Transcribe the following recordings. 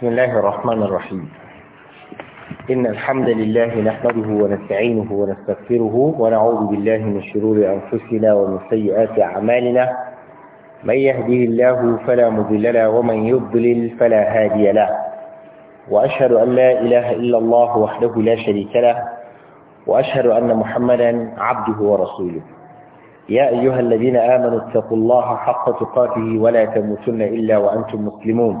بسم الله الرحمن الرحيم إن الحمد لله نحمده ونستعينه ونستغفره ونعوذ بالله من شرور أنفسنا ومن سيئات أعمالنا من يهده الله فلا مضل له ومن يضلل فلا هادي له وأشهد أن لا إله إلا الله وحده لا شريك له وأشهد أن محمدا عبده ورسوله يا أيها الذين آمنوا اتقوا الله حق تقاته ولا تموتن إلا وأنتم مسلمون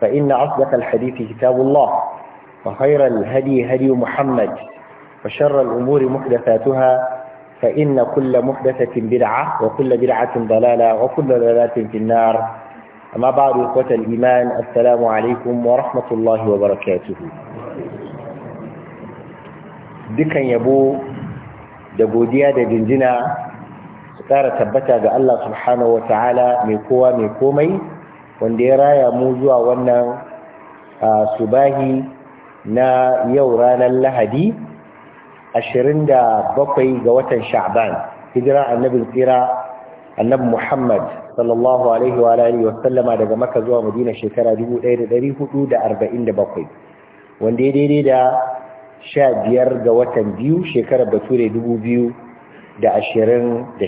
فإن أصدق الحديث كتاب الله وخير الهدي هدي محمد وشر الأمور محدثاتها فإن كل محدثة بدعة وكل بدعة ضلالة وكل ضلالة في النار أما بعد إخوة الإيمان السلام عليكم ورحمة الله وبركاته دكا يبو دبو ديادة da jinjina تبتا ƙara سبحانه وتعالى Allah subhanahu wa wanda ya raya mu zuwa wannan subahi na yau ranar lahadi 27 ga watan sha'ban hijira annabin tsira annabi muhammad sallallahu alaihi wa alihi wa sallama daga maka zuwa madina shekara 1447 wanda ya daidai da sha biyar ga watan biyu shekarar bature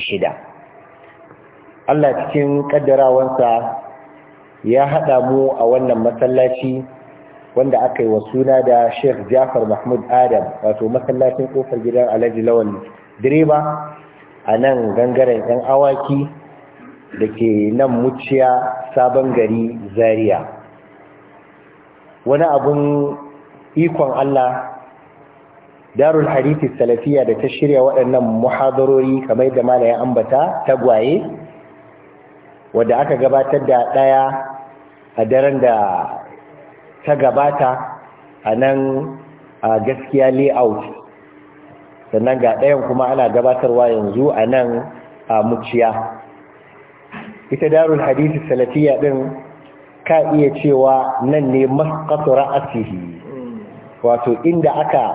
shida, Allah cikin kaddarawansa ya haɗa mu a wannan masallaci wanda aka yi wa suna da Sheikh Jafar Mahmud Adam wato masallacin kofar gidan Alhaji Lawal direba a nan gangaren 'yan awaki da ke nan muciya sabon gari Zaria wani abun ikon Allah darul hadithi salafiya da ta shirya waɗannan muhadarori kamar da malaya ambata tagwaye wadda aka gabatar da ɗaya a daren da ta gabata a nan a gaskiya layout sannan ga ɗayan kuma ana gabatarwa yanzu a nan a muciya ita darul hadisi salafiya ɗin ka iya cewa nan ne masu ra'asihi wato inda aka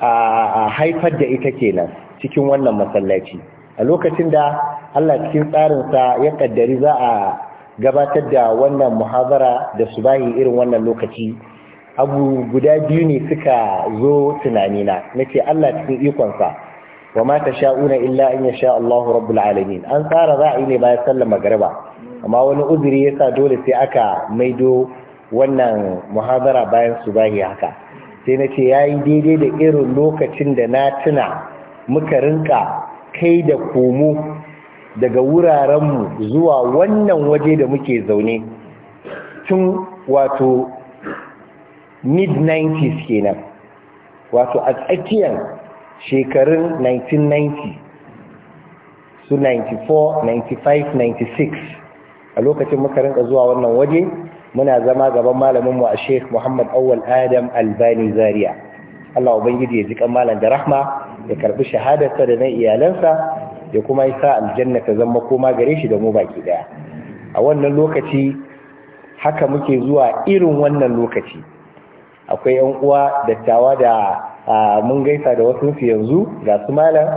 a haifar da ita kenan cikin wannan masallaci. a lokacin da Allah cikin tsarinsa ya kaddari za a gabatar da wannan muhazara da su bayi irin wannan lokaci abu guda biyu ne suka zo tunani na ce Allah cikin ikonsa wa ma ta sha'una illa in ya sha Allahu rabbul alamin an tsara za a yi ne bayan sallar magariba amma wani uzuri ya sa dole sai aka maido wannan muhazara bayan su bayi haka sai na ce ya daidai da irin lokacin da na tuna muka rinka kai da komo daga wurarenmu zuwa wannan waje da muke zaune tun wato mid-90s kenan wato a tsakiyar shekarun 1990 su 94 95 96 a lokacin muka rinka zuwa wannan waje muna zama gaban malaminmu a sheikh muhammad awal adam albani zaria Allah ubangiji ya ji kan malam da rahma ya karbi shahadarsa da na iyalansa ya kuma ya sa aljanna ta zama koma gare shi da mu baki daya a wannan lokaci haka muke zuwa irin wannan lokaci akwai yan uwa dattawa da mun gaisa da wasu su yanzu ga su malam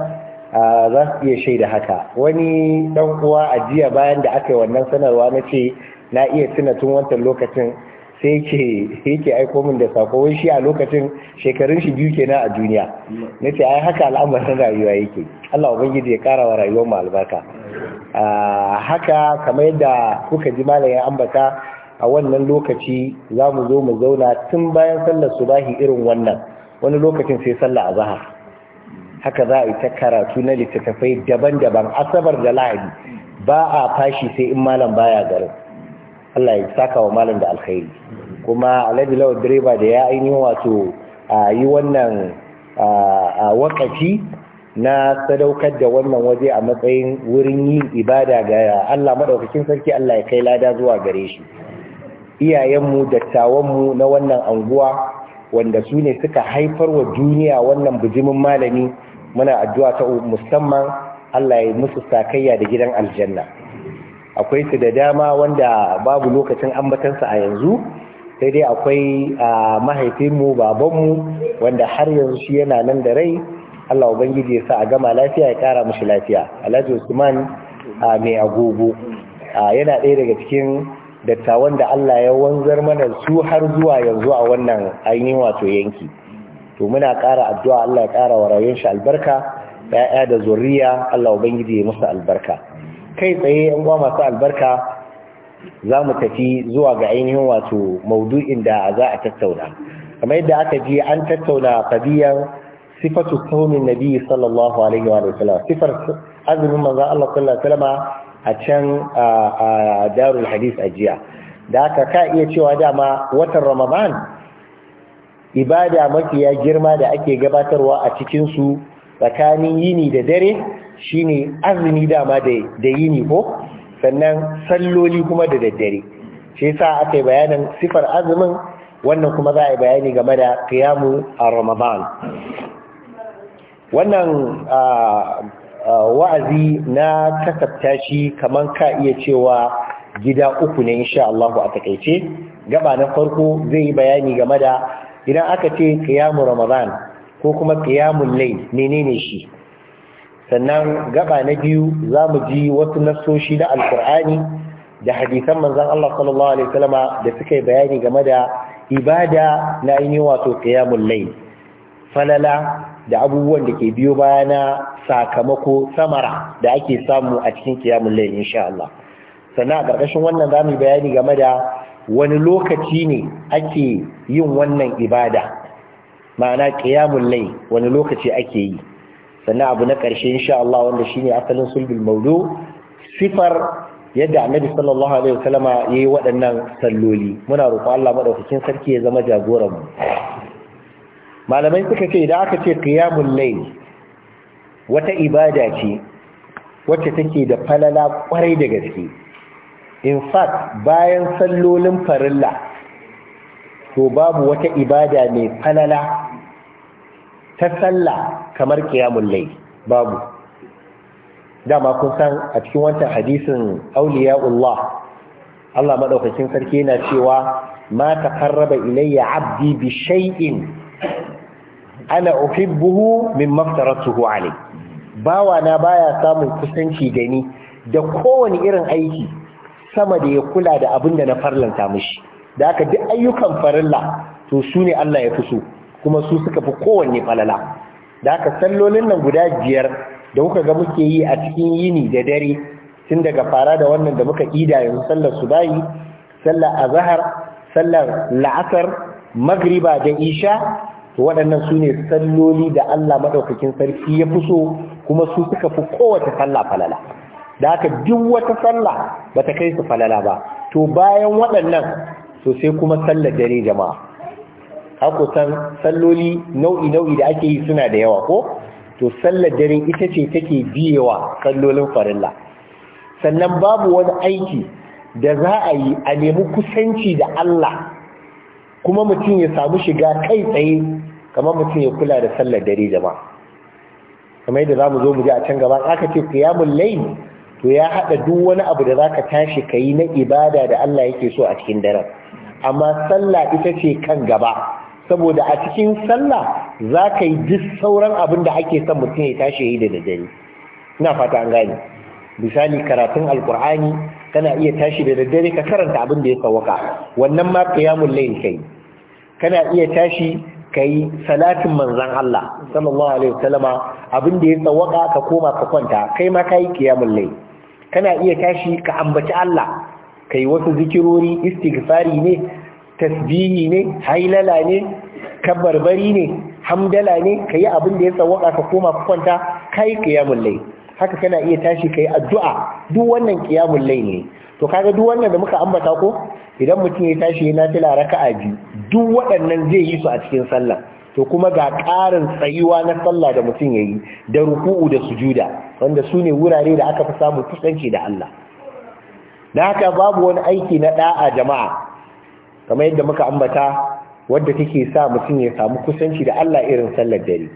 za su iya shaida haka wani ɗan uwa a jiya bayan da aka yi wannan sanarwa na ce na iya tuna tun wancan lokacin sai yake aiko min da sako wai shi a lokacin shekarun shi biyu kenan a duniya Na nace ai haka al'amarin rayuwa yake Allah ubangiji ya kara wa rayuwar mu albarka haka kamar yadda kuka ji malam ya ambata a wannan lokaci za mu zo mu zauna tun bayan sallar subahi irin wannan wani lokacin sai sallar zaha haka za a yi ta karatu na littattafai daban-daban asabar da lahadi ba a fashi sai in malam baya garin Allah ya saka wa malam da alkhairi kuma alhaji lawa direba da ya ainihin wato a yi wannan wakati, na sadaukar da wannan waje a matsayin wurin yin ibada ga Allah maɗaukakin sarki Allah ya kai lada zuwa gare shi iyayenmu dattawanmu na wannan anguwa wanda su ne suka haifar wa duniya wannan bijimin malami muna addu'a ta musamman Allah ya musu sakayya da gidan aljanna akwai su da dama wanda babu lokacin ambatansa a yanzu sai dai akwai mahaifinmu babanmu wanda har yanzu shi yana nan da rai Allah Ubangiji ya sa a gama lafiya ya kara mashi lafiya Alhaji Usman mai agogo yana ɗaya daga cikin dattawan da Allah ya wanzar mana su har zuwa yanzu a wannan ainihin wato yanki to muna ƙara addu'a Allah ya ƙara wa rayuwar shi albarka ya'ya da zuriya Allah Ubangiji ya musu albarka kai tsaye yan uwa masu albarka za mu tafi zuwa ga ainihin wato maudu'in da za a tattauna kamar yadda aka ji an tattauna fadiyar sifatu saumin nabi sallallahu alaihi wa sallam sifar azumin manzon Allah sallallahu alaihi wa a can a darul hadis a jiya da aka ka iya cewa dama watan ramadan ibada mafiya girma da ake gabatarwa a cikin su tsakanin yini da dare shine azumi dama da da yini ko sannan salloli kuma da daddare shi yasa aka yi bayanin sifar azumin wannan kuma za a yi bayani game da qiyamu a ramadan wannan wa'azi na kasafta shi kaman ka iya cewa gida uku ne insha Allah a takaice gaba na farko zai yi bayani game da idan aka ce qiyamu ramadan ko kuma qiyamul layl menene shi sannan gaba na biyu za mu ji wasu nassoshi na alkur'ani da hadisan manzan Allah sallallahu alaihi wasallama da suka yi bayani game da ibada na ainihin wato qiyamul lai, falala da abubuwan da ke biyo baya na sakamako samara da ake samu a cikin qiyamul lai, insha Allah sannan a ƙarƙashin wannan za mu bayani game da wani lokaci ne ake yin wannan ibada ma'ana ƙiyamun lai wani lokaci ake yi sannan abu na ƙarshe insha Allah wanda shine asalin sulbul maudu sifar yadda annabi sallallahu alaihi wasallama yayi waɗannan salloli muna roƙo Allah madaukakin sarki ya zama jagoran mu malamai suka ce idan aka ce qiyamul layl wata ibada ce wacce take da falala kwarai da gaske in fact bayan sallolin farilla to babu wata ibada mai falala ta sallah kamar kiyamun lai babu dama kun san a cikin wancan hadisin auliya'ullah Allah maɗaukacin sarki yana cewa ma karraba ilayya 'abdi bi shay'in ana uhibbuhu min maftaratuhu alai bawa na baya samun kusanci da ni da kowane irin aiki sama da ya kula da abin da na farlanta mishi da aka duk ayyukan farilla to su ne Allah ya fi so kuma su suka fi kowanne falala da aka sallolin nan guda biyar da kuka ga muke yi a cikin yini da dare tun daga fara da wannan da muka ƙida yanzu sallar bayi sallar azahar sallar la'asar magriba da isha waɗannan su ne salloli da Allah maɗaukakin sarki ya fi so kuma su suka fi kowace sallah falala da aka duk wata sallah ba ta kai su falala ba to bayan waɗannan sosai kuma sallar dare jama'a haku san salloli nau'i nau'i da ake yi suna da yawa ko to sallar dare ita ce take biyewa sallolin farilla sannan babu wani aiki da za a yi a nemi kusanci da Allah kuma mutum ya samu shiga kai tsaye kamar mutum ya kula da sallar dare jama'a kamar yadda zamu zo mu ji a can gaba aka ce qiyamul layl to ya haɗa duk wani abu da zaka tashi kai na ibada da Allah yake so a cikin daren amma sallah ita ce kan gaba saboda a cikin sallah za ka yi duk sauran abin da ake son mutum ya tashi ya yi da daddare ina fata an gane misali karatun alkur'ani kana iya tashi da daddare ka karanta abin da ya sawaka wannan ma qiyamul layl kai kana iya tashi kai salatin manzon Allah sallallahu alaihi wasallama abin da ya sawaka ka koma ka kwanta kai ma kai qiyamul layl kana iya tashi ka ambaci Allah kai wasu zikirori istighfari ne tasbihi ne hailala ne kabarbari ne hamdala ne ka yi abin da ya tsawaka ka koma ka kwanta kai yi lai haka kana iya tashi ka addu'a duk wannan kiyamun lai ne to kaga duk wannan da muka ambata ko idan mutum ya tashi yana fila raka'a biyu duk waɗannan zai yi su a cikin sallah to kuma ga ƙarin tsayuwa na sallah da mutum ya yi da ruku'u da sujuda wanda su ne wurare da aka fi samun kusanci da Allah da haka babu wani aiki na ɗa'a jama'a kamar yadda muka ambata wadda take sa mutum ya samu kusanci da Allah irin sallar dare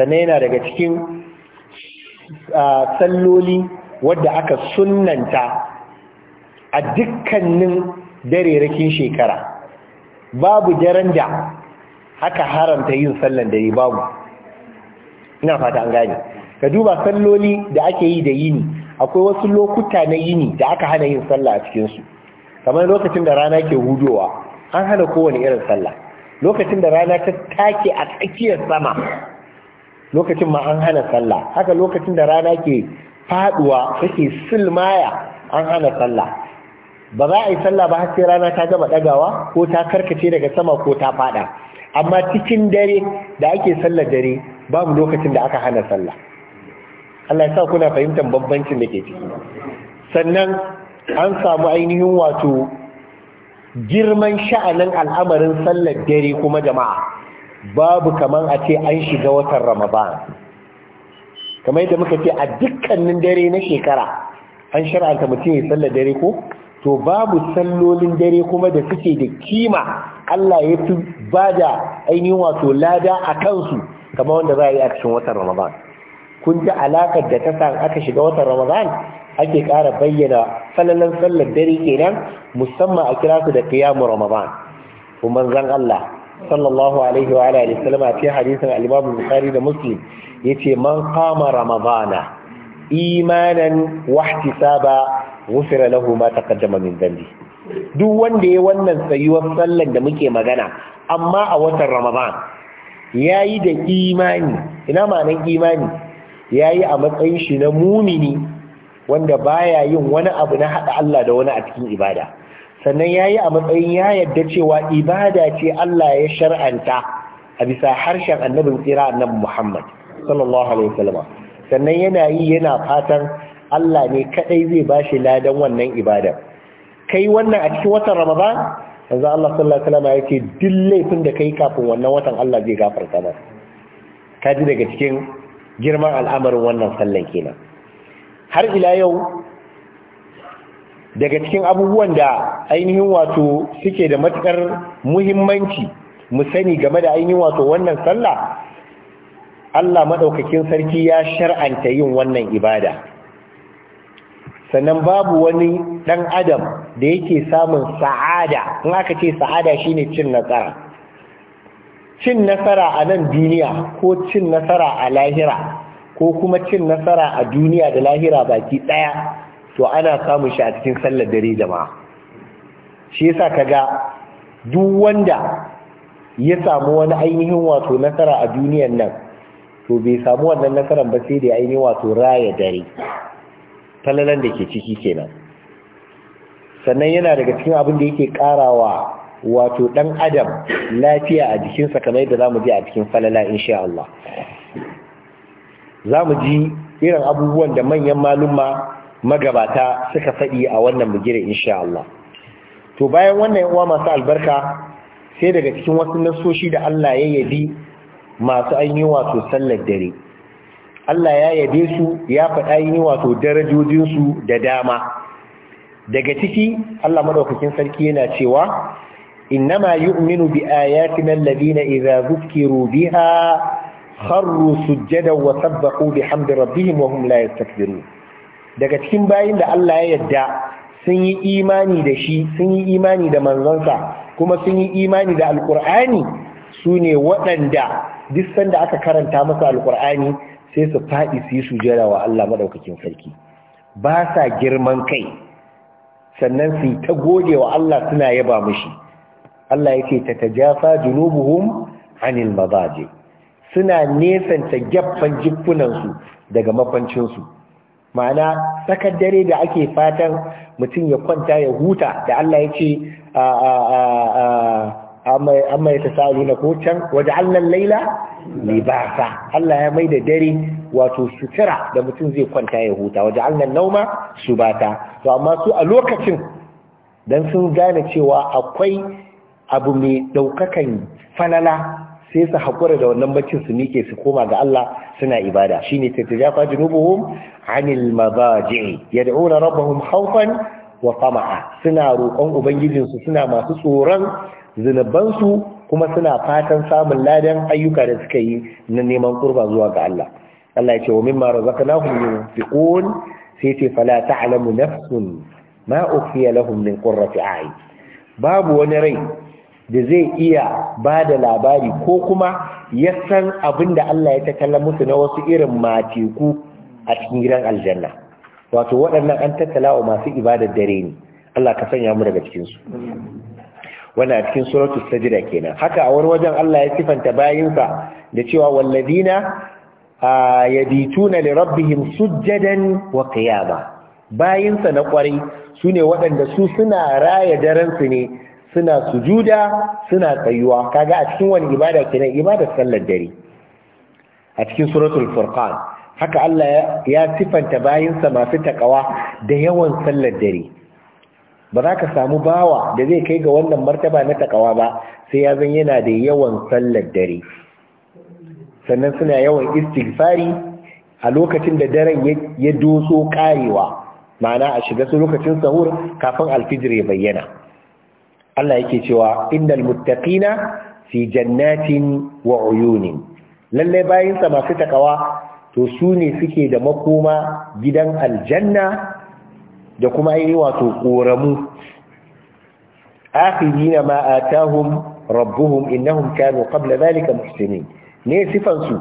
sannan yana daga cikin salloli wadda aka sunnanta a dukkanin darerakin shekara babu daren da aka haramta yin sallan dare babu ina fata an gane ka duba salloli da ake yi da yini akwai wasu lokuta na yini da aka hana yin sallah a cikinsu kamar lokacin da rana ke hudowa an hana kowane irin sallah lokacin da rana ta take a tsakiyar sama lokacin ma an hana sallah haka lokacin da rana ke faduwa take silmaya an hana sallah ba za a yi sallah ba har sai rana ta gama dagawa ko ta karkace daga sama ko ta fada amma cikin dare da ake sallar dare babu lokacin da aka hana sallah Allah ya sa kuna fahimtar bambancin da ke ciki sannan an samu ainihin wato girman sha'anin al'amarin sallar dare kuma jama'a babu kaman a ce an shiga watan ramadan kamar yadda muka ce a dukkanin dare na shekara an shar'anta mutum ya sallar dare ko to babu sallolin dare kuma da suke da kima Allah ya fi ba da ainihin wato lada a kansu kamar wanda za a yi a cikin watan ramadan kun ji alaƙar da ta san aka shiga watan ramadan ake ƙara bayyana falalan sallar dare kenan musamman a kira su da qiyamu ramadan ko manzon Allah sallallahu alaihi wa alihi wasallam a cikin hadisin al-Imam Bukhari da Muslim yace man qama ramadana imanan wa ihtisaba ghufira lahu ma taqaddama min dhanbi duk wanda ya wannan tsayuwar sallar da muke magana amma a watan ramadan yayi da imani ina ma'anar imani yayi a matsayin shi na mumini wanda baya yin wani abu na haɗa Allah da wani a cikin ibada sannan yayi a matsayin ya yadda cewa ibada ce Allah ya shar'anta a bisa harshen annabin tsira annabi Muhammad sallallahu alaihi wasallam sannan yana yi yana fatan Allah ne kadai zai bashi ladan wannan ibada kai wannan a cikin watan Ramadan yanzu Allah sallallahu alaihi wasallam yake duk laifin da kai kafin wannan watan Allah zai gafarta maka kaji daga cikin girman al'amarin wannan sallan kenan har ila yau daga cikin abubuwan da ainihin wato suke da matukar muhimmanci mu sani game da ainihin wato wannan sallah Allah madaukakin sarki ya shar'anta yin wannan ibada sannan babu wani dan adam da yake samun sa'ada in aka ce sa'ada shine cin nasara cin nasara a nan duniya ko cin nasara a lahira ko kuma cin nasara a duniya da lahira baki ɗaya to ana samun shi a cikin sallar dare jama'a shi yasa kaga duk wanda ya samu wani ainihin wato nasara a duniyan nan to bai samu wannan nasaran ba sai da ainihin wato raya dare talalan da ke ciki kenan sannan yana daga cikin abin da yake karawa wato dan adam lafiya a jikinsa kamar yadda zamu je a cikin falala insha Allah za mu ji irin abubuwan da manyan malumma magabata suka faɗi a wannan bugire insha Allah to bayan wannan uwa masu albarka sai daga cikin wasu nasoshi da Allah ya yabi masu ainihi wato sallar dare Allah ya yabe su ya faɗa yi wato darajojinsu da dama daga ciki Allah maɗaukakin sarki yana cewa innama yu'minu bi ayatina alladhina idza dhukiru biha kharru sujjada wa sabbahu bihamdi rabbihim wa hum la yastakbirun daga cikin bayin da Allah ya yadda sun yi imani da shi sun yi imani da manzonsa kuma sun yi imani da alkur'ani su ne waɗanda duk sanda aka karanta masa alkur'ani sai su faɗi su yi sujada wa Allah maɗaukakin sarki ba sa girman kai sannan su yi ta gode wa Allah suna yaba mushi Allah ya ce ta tajafa junubuhum anil mazaje suna nesanta gyaffan jikunansu daga makwancinsu ma'ana tsakar dare da ake fatan mutum ya kwanta ya huta da Allah ya ce a mai ta sa'adu na kocan waje annan laila libasa Allah ya mai da dare wato sutura da mutum zai kwanta ya huta waje annan nauma su bata to amma su a lokacin don sun gane cewa akwai abu mai daukakan falala sai su haƙura da wannan baccin su miƙe su koma ga Allah suna ibada Shi ne shine tatajafa junubuhum anil da ura rabahun haufan wa tama'a suna roƙon ubangijinsu suna masu tsoron zunubansu kuma suna fatan samun ladan ayyuka da suka yi na neman kurba zuwa ga Allah Allah ya ce wa mimma razaqnahum yunfiqun sai ce fala ta'lamu nafsun ma ukhfiya lahum min qurrati a'yun babu wani rai da zai iya ba da labari ko kuma ya san abin da Allah ya tattala musu na wasu irin mateku a cikin gidan aljanna wato waɗannan an tattala wa masu ibadar dare ne Allah ka sanya mu daga cikinsu wannan a cikin suratul sajda kenan haka a wani wajen Allah ya sifanta bayinsa da cewa walladina yabituna da rabbihim sujjadan wa qiyama bayinsa na kwarai sune waɗanda su suna raya daren su ne suna sujuda suna tsayuwa kaga a cikin wani ibada kenan ibadar sallar dare a cikin suratul furqan haka Allah ya sifanta bayinsa masu takawa da yawan sallar dare ba za ka samu bawa da zai kai ga wannan martaba na takawa ba sai ya zan yana da yawan sallar dare sannan suna yawan istighfari a lokacin da daren ya doso karewa ma'ana a shiga su lokacin sahur kafin alfijir ya bayyana Allah yake cewa innal muttaqina fi jannatin wa uyunin lalle bayin sa masu takawa to su ne suke da makoma gidan aljanna da kuma yi wato koramu akhidina ma atahum rabbuhum innahum kanu qabla dhalika muhsinin ne sifan su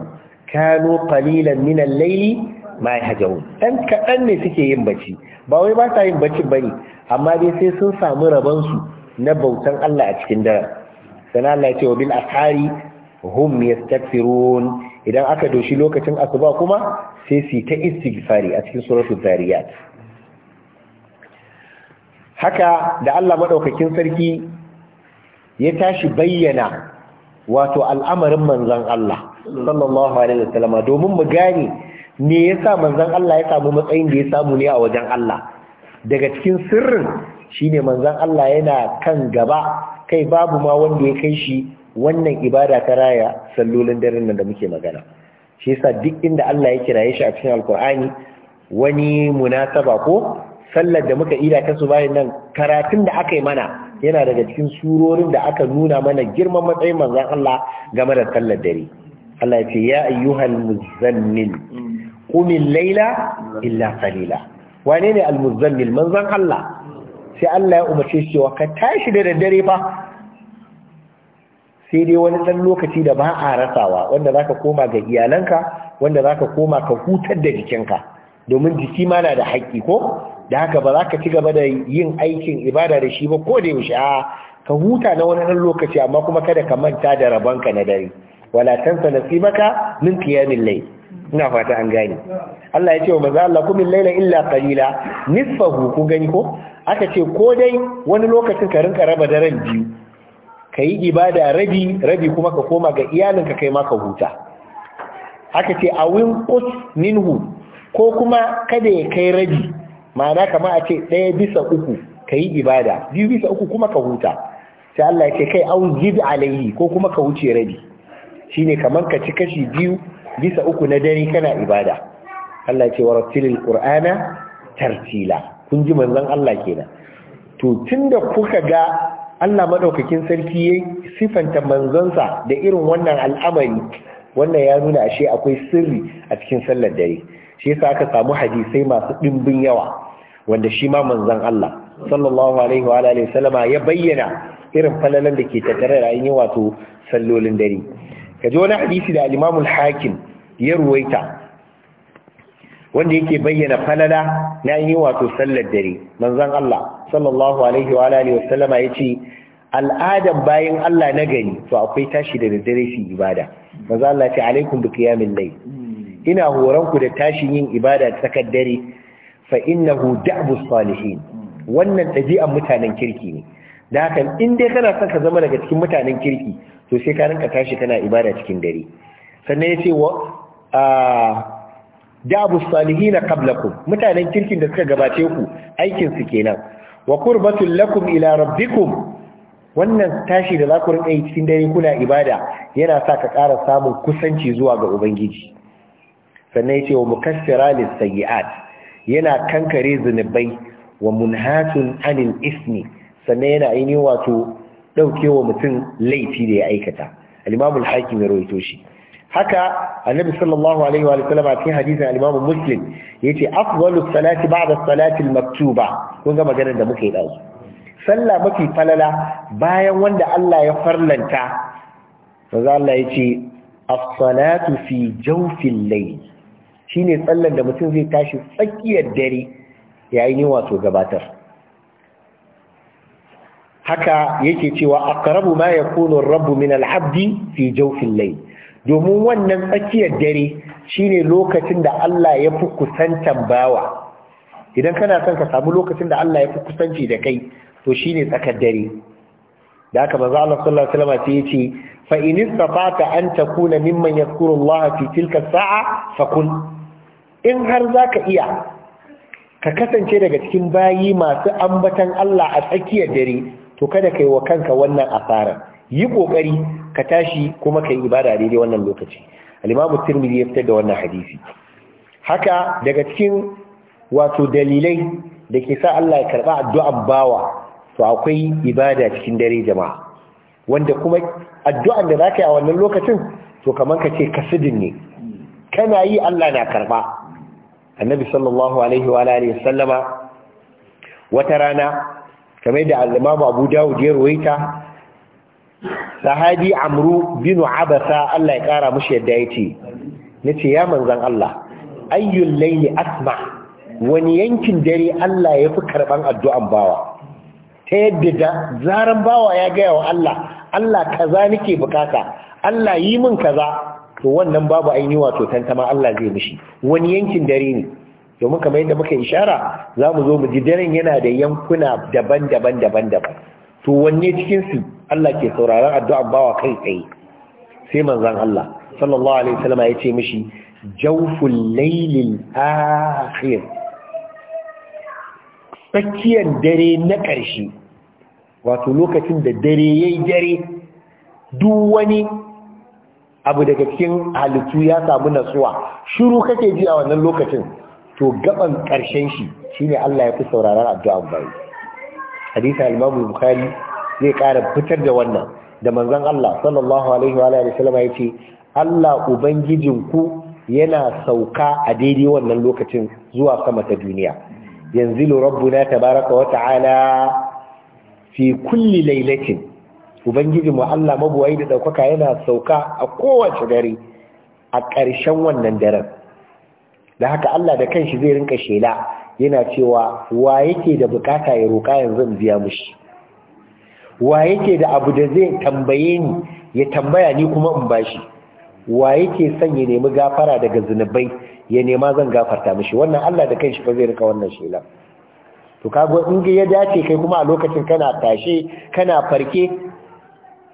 kanu qalilan min al-layli ma yahjaun dan kadan ne suke yin bacci ba wai ba sa yin bacci bane amma dai sai sun samu rabansu su na bautan Allah a cikin daren sana Allah ya ce wa bil asari hum yastaghfirun idan aka doshi lokacin asuba kuma sai su ta istighfari a cikin suratul zariyat haka da Allah madaukakin sarki ya tashi bayyana wato al'amarin manzon Allah sallallahu alaihi wasallam domin mu gane me yasa manzon Allah ya samu matsayin da ya samu ne a wajen Allah daga cikin sirrin Shi ne manzan Allah yana kan gaba kai babu ma wanda ya kai shi wannan ibada ta raya sallolin daren nan da muke magana shi yasa duk inda Allah ya kiraye shi a cikin alkur'ani wani munasaba ko sallar da muka ida ta su bayan nan karatun da aka yi mana yana daga cikin surorin da aka nuna mana girman matsayin manzan Allah game da sallar dare Allah ya ce ya ayyuhal muzannil qumil layla illa qalila wane ne al muzannil manzan Allah sai Allah ya umarce shi cewa ka tashi da daddare fa sai dai wani ɗan lokaci da ba a rasawa wanda zaka koma ga iyalanka wanda zaka koma ka hutar da jikinka domin jiki ma na da haƙƙi ko da haka ba za ka ci gaba da yin aikin ibada da shi ba ko da yaushe a ka huta na wani ɗan lokaci amma kuma kada ka manta da rabonka na dare wala tansa nasibaka min qiyamil layl ina fata an gane Allah ya ce wa maza Allah kumin laila illa qalila nisfahu ku gani ko aka ce ko dai wani lokacin ka rinka raba daren biyu kayi ibada rabi rabi kuma ka koma ga iyalinka kai ma ka huta aka ce awin qut minhu ko kuma kada ya kai rabi ma'ana kamar a ce ɗaya bisa uku kai ibada biyu bisa uku kuma ka huta sai Allah ya ce kai au zid alayhi ko kuma ka wuce rabi shine kamar ka ci kashi biyu bisa uku na dare kana ibada Allah ce wa qur'ana tartila kun ji manzon Allah kenan to tunda kuka ga Allah madaukakin sarki yayi sifanta manzonsa da irin wannan al'amari wannan ya nuna ashe akwai sirri a cikin sallar dare shi yasa aka samu hadisai masu dimbin yawa wanda shi ma manzon Allah sallallahu alaihi wa alihi wasallama ya bayyana irin falalan da ke tattare da yin wato sallolin dare kaji wani hadisi da al-Imam hakim ya ruwaita wanda yake bayyana falala na yi wato sallar dare manzon Allah sallallahu alaihi wa alihi wa yace al'adan bayan Allah na gani, to akwai tashi da dare su ibada manzon Allah ya alaikum bi qiyamil layl ina horon ku da tashin yin ibada tsakar dare fa innahu da'bu salihin wannan ɗabi'an mutanen kirki ne da haka in dai kana son ka zama daga cikin mutanen kirki to sai ka rinka tashi kana ibada cikin dare sannan yace wa da'abu salihina qablakum mutanen kirkin da suka gabace ku aikin su kenan wa qurbatul lakum ila rabbikum wannan tashi da za ku rinka yi cikin dare kuna ibada yana sa ka ƙara samun kusanci zuwa ga ubangiji sannan yace wa mukassira lis sayyi'at yana kankare zunubai wa munhatun anil ismi sannan yana ainihin wato wa mutum laifi da ya aikata al-imamu al-hakim ya rawaito shi haka annabi sallallahu alaihi wa sallam a cikin hadisin al-imamu muslim yace afdalu salati ba'da salati al-maktuba kun ga maganar da muka yi dazu sallah mafi falala bayan wanda Allah ya farlanta maza Allah yace as-salatu fi jawfil layl shine tsallan da mutum zai tashi tsakiyar dare yayin wato gabatar haka yake cewa aqrabu ma yakunu ar-rabbu min al-'abdi fi jawfil layl domin wannan tsakiyar dare shine lokacin da Allah ya fi kusantan bawa idan kana son ka samu lokacin da Allah ya fi kusanci da kai to shine tsakar dare da haka manzo Allah sallallahu alaihi wasallam yace fa in istata an takuna mimman yadhkuru Allah fi tilka sa'a kun." in har zaka iya ka kasance daga cikin bayi masu ambatan Allah a tsakiyar dare to kada kai wa kanka wannan asara yi kokari ka tashi kuma kai ibada daidai wannan lokaci al-imamu tirmidhi ya fitar da wannan hadisi haka daga cikin wato dalilai da ke sa Allah ya karba addu'an bawa to akwai ibada cikin dare jama'a wanda kuma addu'an da zaka yi a wannan lokacin to kaman ka ce kasidin ne kana yi Allah na karba annabi sallallahu alaihi wa alihi sallama wata rana kamar da al Abu Dawud ya ruwaita sahabi Amru binu Abasa Allah ya kara mushi yadda ya ce. Na ce ya manzon Allah ayyul ne asma wani yankin dare Allah ya fi karɓan addu'an bawa ta yadda da zaren bawa ya gaya wa Allah Allah kaza nake bukata Allah yi min kaza to wannan babu ainihi wato tantama Allah zai mishi wani yankin dare ne domin kamar yadda muka ishara za mu zo mu ji daren yana da yankuna daban-daban daban-daban to wanne cikinsu Allah ke sauraron addu'ar bawa kai tsaye sai manzan Allah sallallahu alaihi wasallam ya ce mishi jawful lailil akhir tsakiyar dare na ƙarshe wato lokacin da dare yayi dare duk wani abu daga cikin halittu ya samu natsuwa shiru kake ji a wannan lokacin to gaban ƙarshen shi shine Allah ya fi sauraron addu'an bayi hadisi al-Imam Bukhari zai ƙara fitar da wannan da manzon Allah sallallahu alaihi wa alihi wasallam yace Allah ubangijinku yana sauka a daidai wannan lokacin zuwa sama ta duniya yanzilu rabbuna tabaraka wa ta'ala fi kulli lailatin ubangijinmu Allah mabuwayi da ɗaukaka yana sauka a kowace dare a ƙarshen wannan daren da haka Allah da kanshi zai rinka shela yana cewa wa yake da bukata ya roƙa yanzu in biya mushi wa yake da abu da zai tambaye ni ya tambaya ni kuma in bashi wa yake son ya nemi gafara daga zunubai ya nema zan gafarta mishi wannan Allah da kanshi fa zai rinka wannan shela to kago in ya dace kai kuma a lokacin kana tashe kana farke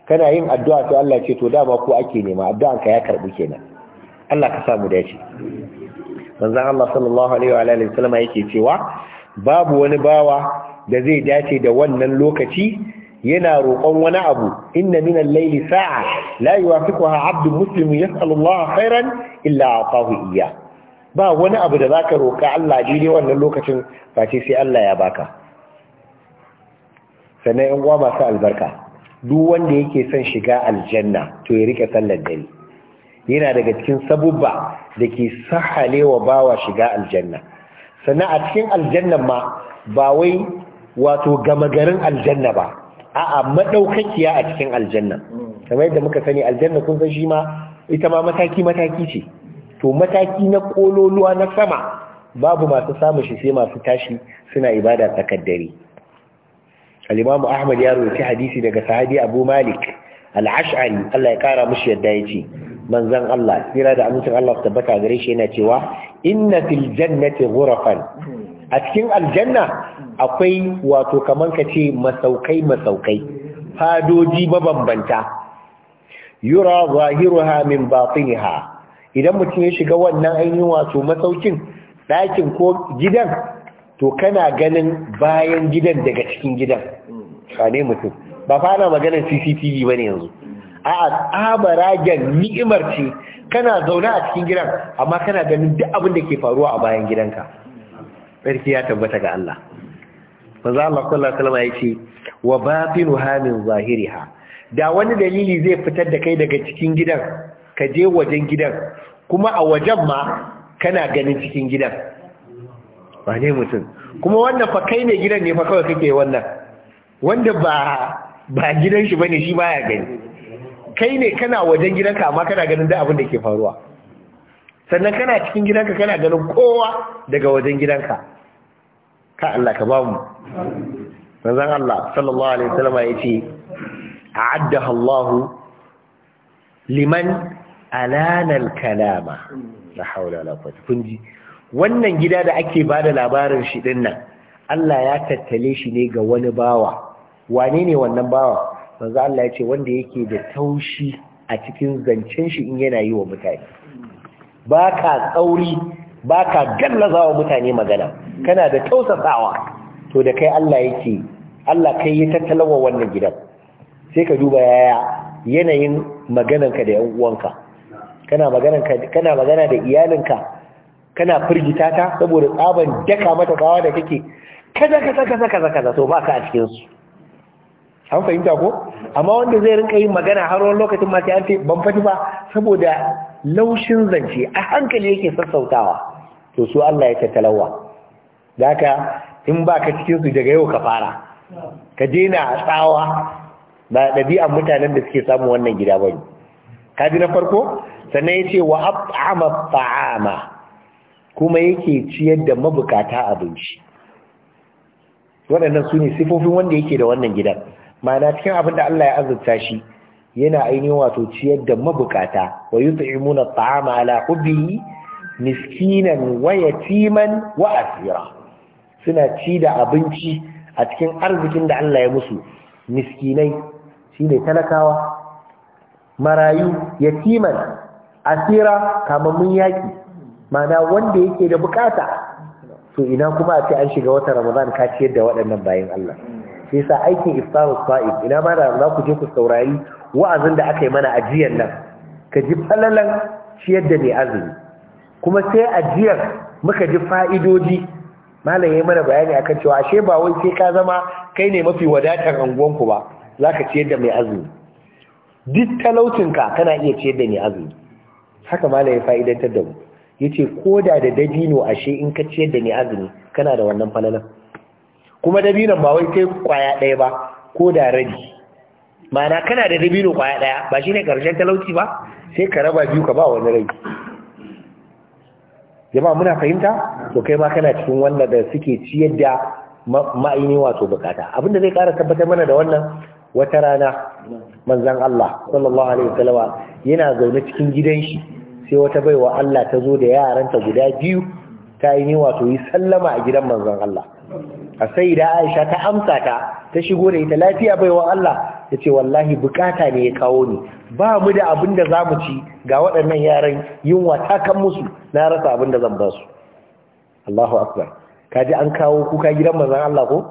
kana yin addu'a to Allah ce to dama ko ake nema addu'an ka ya karɓi kenan Allah ka samu dace manzan Allah sallallahu alaihi yake cewa babu wani bawa da zai dace da wannan lokaci yana roƙon wani abu inna min al-layli sa'a la yuwafiquha 'abdu muslimun yas'alu Allah khairan illa a'tahu iya. ba wani abu da zaka roƙa Allah daidai wannan lokacin face sai Allah ya baka sannan 'yan uwa masu albarka duk wanda yake son shiga aljanna to ya rike sallar dare yana daga cikin sabubba da ke sahalewa bawa shiga aljanna sannan a cikin aljannan ma ba wai wato gama garin aljanna ba a'a maɗaukakiya a cikin aljanna kamar yadda muka sani aljanna kun san shi ma ita ma mataki mataki ce to mataki na ƙololuwa na sama babu masu samun shi sai masu tashi suna ibada tsakar dare Alimamu ahmad ya rawaita hadisi daga sahadi abu malik al Allah ya ƙara mushi yadda ya ce. manzan Allah tsira da amincin Allah su tabbata gare shi yana cewa inna fil jannati ghurafan a cikin aljanna akwai wato kaman ka ce masaukai masaukai fadoji mabambanta yura zahiruha min batiniha idan mutum ya shiga wannan ainihin wato masaukin ɗakin ko gidan to kana ganin bayan gidan daga cikin gidan mutum ba fa maganar CCTV ba ne yanzu a tsabaragen ni'imar ce kana zaune a cikin gidan amma kana ganin duk abin da ke faruwa a bayan gidanka sarki ya tabbata ga Allah maza Allah sallallahu alaihi ya ce wa batinuha min zahiriha da wani dalili zai fitar da kai daga cikin gidan ka je wajen gidan kuma a wajen ma kana ganin cikin gidan wane mutum kuma wannan fa kai ne gidan ne fa kawai kake wannan wanda ba ba gidan shi bane shi baya gani kai ne kana wajen gidanka amma kana ganin da abin da ke faruwa sannan kana cikin gidanka kana ganin kowa daga wajen gidanka ka Allah ka bamu manzon Allah sallallahu alaihi wasallam yace a'addaha Allah liman alana al-kalama la hawla wala quwwata kunji wannan gida da ake bada labarin shi dinnan Allah ya tattale shi ne ga wani bawa wane ne wannan bawa manzo Allah ya ce wanda yake da taushi a cikin zancen shi in yana yi wa mutane Baka tsauri baka ka gallaza wa mutane magana kana da tausasawa to da kai Allah yake Allah kai ya tattalawa wannan gidan sai ka duba yaya yanayin maganarka da yan uwanka kana kana magana da iyalinka kana firgita ta saboda tsaban daka mata tsawa da kake kaza kaza kaza kaza to baka a cikin su an fahimta ko amma wanda zai rinka yin magana har wani lokacin ma sai an ce ban fati ba saboda laushin zance a hankali yake sassautawa to su Allah ya tattalawa da in ba ka cikin su daga yau ka fara ka daina tsawa ba ɗabi'an mutanen da suke samu wannan gida bane ne ka ji na farko sannan ya ce wa ab'ama ta'ama kuma yake ciyar da mabukata abinci waɗannan su ne sifofin wanda yake da wannan gidan ma'ana cikin abin da Allah ya azurta shi yana ainihin wato ciyar da mabukata wa yut'imuna at'ama ala hubbihi miskinan wa yatiman wa asira suna ci da abinci a cikin arzikin da Allah ya musu miskinai shine talakawa marayu yatiman asira mun yaki ma'ana wanda yake da bukata to ina kuma a ce an shiga watan Ramadan ka ciyar da waɗannan bayan Allah shi sa aikin iftarus fa'id ina ma da za ku je ku saurari wa'azin da aka yi mana ajiyar nan ka ji falalan ciyar da ne azumi kuma sai ajiyar muka ji fa'idoji malam yayi mana bayani a kan cewa ashe ba wai sai ka zama kai ne mafi wadatar anguwanku ba za ka ciyar da mai azumi duk talaucinka kana iya ciyar da ne azumi haka malam fa'idantar da mu yace ko da da dabino ashe in ka ciyar da ne azumi kana da wannan falalan kuma dabinon ba wai kai kwaya ɗaya ba ko da rabi ma'ana kana da dabino kwaya ɗaya ba shi ne ƙarshen talauci ba sai ka raba biyu ka ba wani rabi jama'a muna fahimta to kai ma kana cikin wanda da suke ciyar da ma'aini wato bukata abinda zai ƙara tabbatar mana da wannan wata rana manzan Allah sallallahu alaihi wasallam yana zaune cikin gidan shi sai wata baiwa Allah ta zo da yaranta guda biyu ta yi ni wato yi sallama a gidan manzan Allah a sai da aisha ta amsa ta ta shigo da ita lafiya wa Allah ta ce wallahi bukata ne ya kawo ni ba mu da abin da za mu ci ga waɗannan yaran yunwa ta kan musu na rasa abin da zan ba su Allahu akbar kaji an kawo kuka gidan manzon Allah ko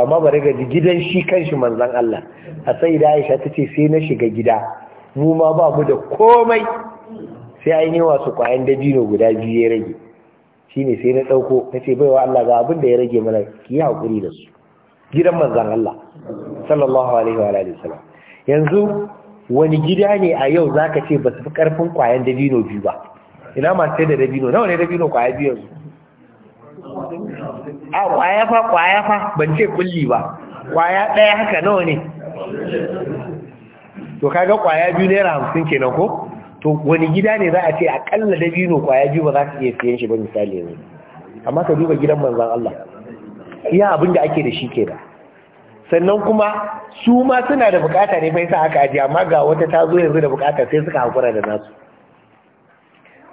amma bare ga gidan shi kanshi manzon Allah a sai da aisha ta ce sai na shiga gida mu ma ba mu da komai sai ainihin wasu kwayan dabino guda biyu ya rage Shi ne sai na dauko ce baiwa Allah ga abin da ya rage mana ki yi hakuri da su gidan manzan Allah sallallahu alaihi wa alihi wasallam yanzu wani gida ne a yau zaka ce ba su fi ƙarfin kwayan dabino biyu ba ina ma sai da dabino nawa ne dabino kwaya biyu yanzu a kwaya fa kwaya fa ban ce kulli ba kwaya ɗaya haka nawa ne to kaga kwaya biyu naira hamsin kenan ko to wani gida ne za a ce akalla dabino kwaya biyu ba za ka iya siyan shi ba misali yanzu amma ka duba gidan manzan Allah iya abin da ake da shi ke da sannan kuma su ma suna da bukata ne bai sa aka ajiye amma ga wata ta zo yanzu da bukata sai suka hakura da nasu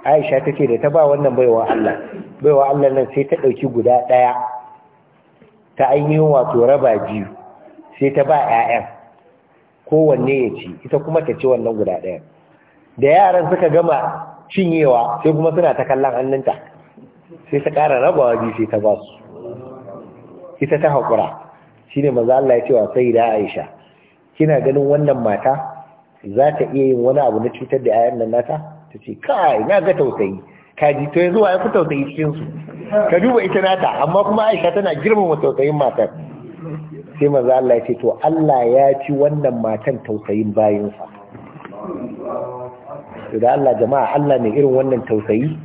aisha ta ce da ta ba wannan baiwa Allah baiwa Allah nan sai ta ɗauki guda ɗaya ta ainihin wato raba biyu sai ta ba ƴaƴan, kowanne ya ci ita kuma ta ci wannan guda ɗaya da yaran suka gama cinyewa sai kuma suna ta kallon hannunta sai ta ƙara rabawa biyu sai ta ba su ita ta haƙura shi ne maza Allah ya ce wa sai da Aisha kina ganin wannan mata za ta iya yin wani abu na cutar da ayan nan nata ta ce kai na ga tausayi kaji to yanzu wai ku tausayi cikin su ka duba ita nata amma kuma Aisha tana girmama tausayin matar sai maza Allah ya ce to Allah ya ci wannan matan tausayin bayinsa to da Allah jama'a Allah ne irin wannan tausayi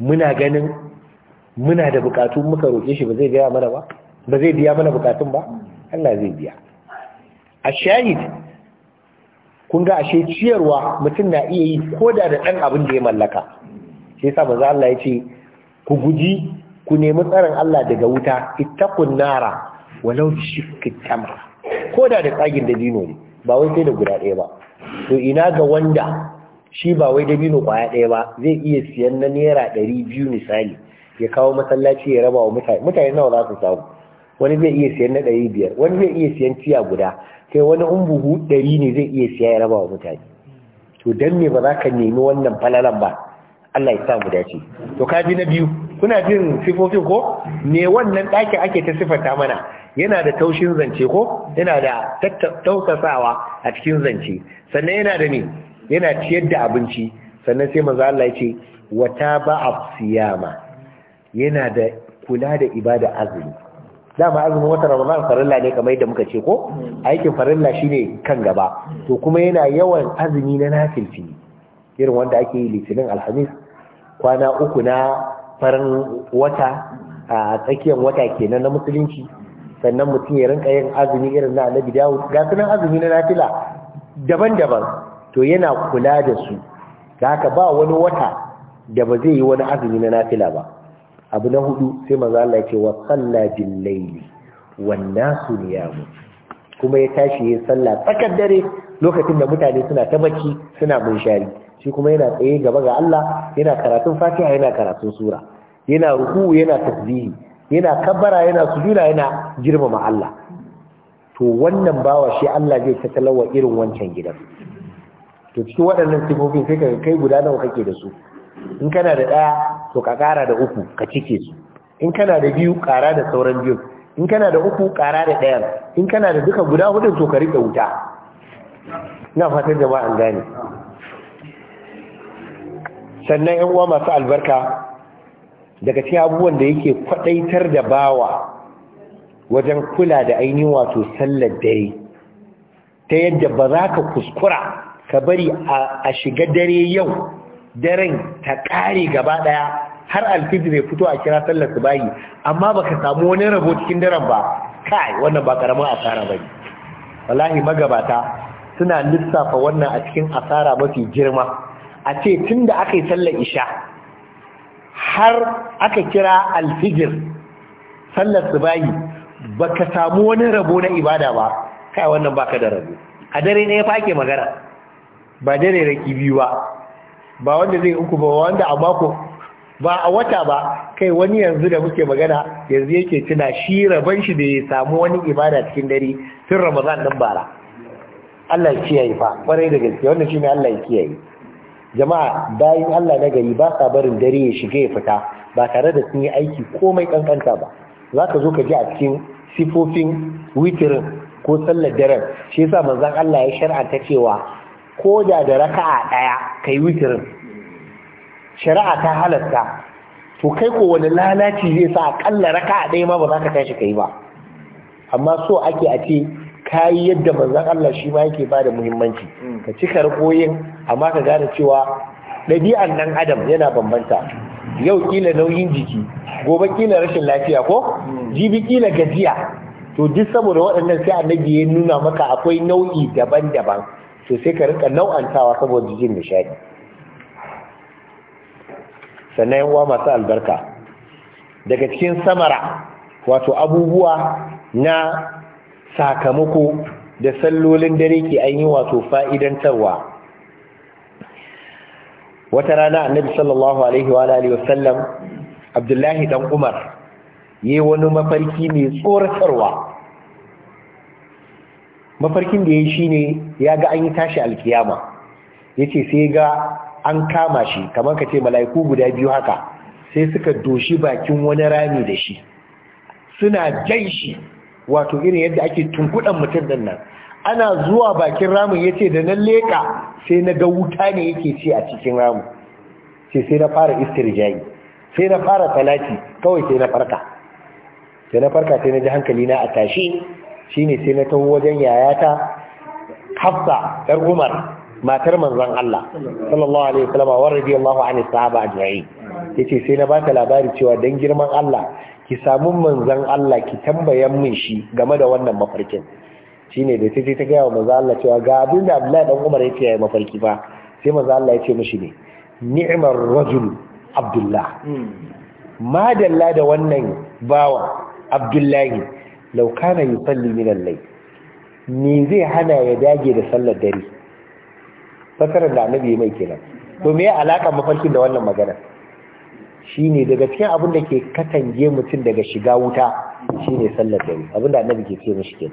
muna ganin muna da bukatu muka roƙe shi ba zai biya mana ba ba zai biya mana bukatun ba Allah zai biya a shahid kun ga ashe ciyarwa mutum na iya yi ko da da ɗan abin da ya mallaka shi yasa manzo Allah ya ce ku guji ku nemi tsarin Allah daga wuta ittaqun nara walau bi tamra ko da da tsagin da dino ne ba wai sai da guda ɗaya ba to ina ga wanda shi ba wai dabino kwaya ɗaya ba zai iya siyan na naira ɗari biyu misali ya kawo masallaci ya raba wa mutane mutane nawa za su samu wani zai iya siyan na ɗari biyar wani zai iya siyan tiya guda kai wani in buhu ɗari ne zai iya siya ya raba wa mutane to dan me ba za ka nemi wannan falalan ba Allah ya sa mu dace to ka na biyu kuna jin sifofin ko me wannan ɗakin ake ta sifata mana yana da taushin zance ko yana da tausasawa a cikin zance sannan yana da me yana ciyar da abinci sannan sai manzo Allah ya ce wata ba'a siyama yana da kula da ibada azumi dama azumin wata ramadan farilla ne kamar yadda muka ce ko aikin farilla shine kan gaba to kuma yana yawan azumi na nafilfi irin wanda ake yi litinin alhamis kwana uku na farin wata a tsakiyar wata kenan na musulunci sannan mutum ya rinka yin azumi irin na annabi dawud ga sunan azumi na nafila daban-daban to yana kula da su da haka ba wani wata da ba zai yi wani azumi na nafila ba abu na hudu sai maza Allah ya ce wa salla bil layli wan niyamu kuma ya tashi ya sallah tsakar dare lokacin da mutane suna ta bacci suna munshari shi kuma yana tsaye gaba ga Allah yana karatun Fatiha yana karatun sura yana ruku yana tasbihi yana kabbara yana sujuda yana girmama Allah to wannan bawa shi Allah zai ta irin wancan gidan to cikin waɗannan sifofin sai ka kai guda nawa kake da su in kana da ɗaya to ka ƙara da uku ka cike su in kana da biyu ƙara da sauran biyu in kana da uku ƙara da ɗayan in kana da duka guda hudun to ka riƙe wuta ina fatan jama'a an gane sannan yan uwa masu albarka daga cikin abubuwan da yake kwadaitar da bawa wajen kula da ainihin wato sallar dare ta yadda ba za ka kuskura ka bari a shiga dare yau daren ta ƙare gaba ɗaya har alfijir bai fito a kira sallar su bayi amma baka samu wani rabo cikin daren ba kai wannan ba karamin asara ba ne wallahi magabata suna lissafa wannan a cikin asara mafi girma a ce tun da aka yi sallar isha har aka kira alfijir sallar su bayi baka samu wani rabo na ibada ba kai wannan baka da rabo a dare ne ya fake magana ba dare raki biyu ba ba wanda zai uku ba wanda a mako ba a wata ba kai wani yanzu da muke magana yanzu yake tuna shi rabon shi da ya samu wani ibada cikin dare tun ramadan din bara Allah ya kiyaye fa kwarai da gaske wannan shine Allah ya kiyaye jama'a bayan Allah na gari ba sa barin dare ya shiga ya fita ba tare da sun yi aiki komai kankanta ba Za ka zo ka ji a cikin sifofin witirin ko sallar daren shi yasa manzon Allah ya shar'anta cewa ko da da raka'a ɗaya kai witirin shari'a ta halatta to kai ko wani lalaci zai sa akalla raka'a ɗaya ma ba za ka tashi kai ba amma so ake a ce kayi yadda manzan Allah shi ma yake ba da muhimmanci mm. ka cika rikoyin amma ka gane cewa ɗabi'an nan adam yana bambanta yau kila nauyin jiki gobe kila rashin lafiya ko mm. jibi kila gajiya to duk saboda waɗannan sai annabi ya nuna maka akwai nau'i daban-daban to sai ka rinka nau'antawa saboda jin nishadi sannan yawa masu albarka daga cikin samara wato abubuwa na sakamako da sallolin dare ke an yi wato fa'idantarwa wata rana annabi sallallahu alaihi wa alihi wasallam abdullahi dan umar yi wani mafarki mai tsoratarwa mafarkin da ya yi shi ne ya ga an yi tashi alkiyama ce sai ga an kama shi kamar ka ce mala'iku guda biyu haka sai suka doshi bakin wani rami da shi suna jan shi wato irin yadda ake tunkudan mutum din nan ana zuwa bakin ramin ya ce da nan leka sai na ga wuta ne yake ci a cikin ramin sai sai na fara istirjayi sai na fara salati kawai sai na farka sai na farka sai na ji hankali na a tashi Shi ne sai na taho wajen yayata hafsa yar umar matar manzon Allah sallallahu alaihi wasallam wa radiyallahu anhu sahaba Ya yace sai na ta labari cewa dan girman Allah ki samu manzon Allah ki tambayan min shi game da wannan mafarkin shine da tace ta gaya wa manzon Allah cewa ga abin da Abdullahi dan Umar yake yayi mafarki ba sai manzon Allah ya yace mishi ne ni'mar rajul Abdullah hmm. madalla da wannan bawa Abdullahi law kana yi min minan lai. ni zai hana ya dage da sallar dare fasarar da annabi mai kenan to me alaka mafarkin da wannan magana shine daga cikin abin da ke katange mutum daga shiga wuta shine sallar dare abin da annabi ke ce mishi kenan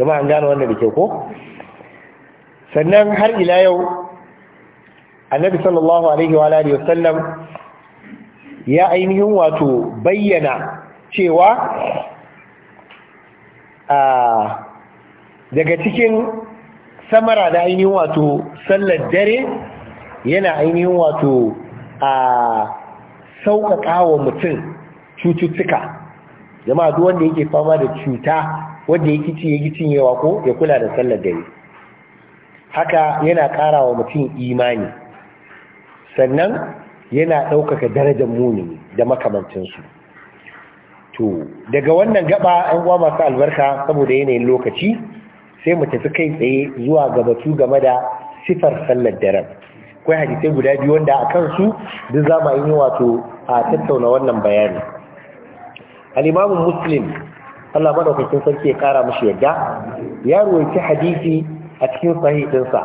jama'a an gano wannan da ke ko sannan har ila yau annabi sallallahu alaihi wa alihi wasallam ya ainihin wato bayyana cewa daga cikin samara da ainihin wato sallar dare yana ainihin wato a sauƙaƙa wa mutum cututtuka jama'a duk wanda yake fama da cuta wanda yake ci yake cinyewa ko ya kula da sallar dare haka yana ƙara wa mutum imani sannan yana ɗaukaka darajar muni da makamancinsu to daga wannan gaba an uwa masu albarka saboda yanayin lokaci sai mu tafi kai tsaye zuwa ga batu game da sifar sallar daren akwai hadisai guda biyu wanda a kansu duk za mu yi wato a tattauna wannan bayani al-imamu muslim Allah madaukakin sarki ya kara mishi yadda ya ruwaci hadisi a cikin sahih dinsa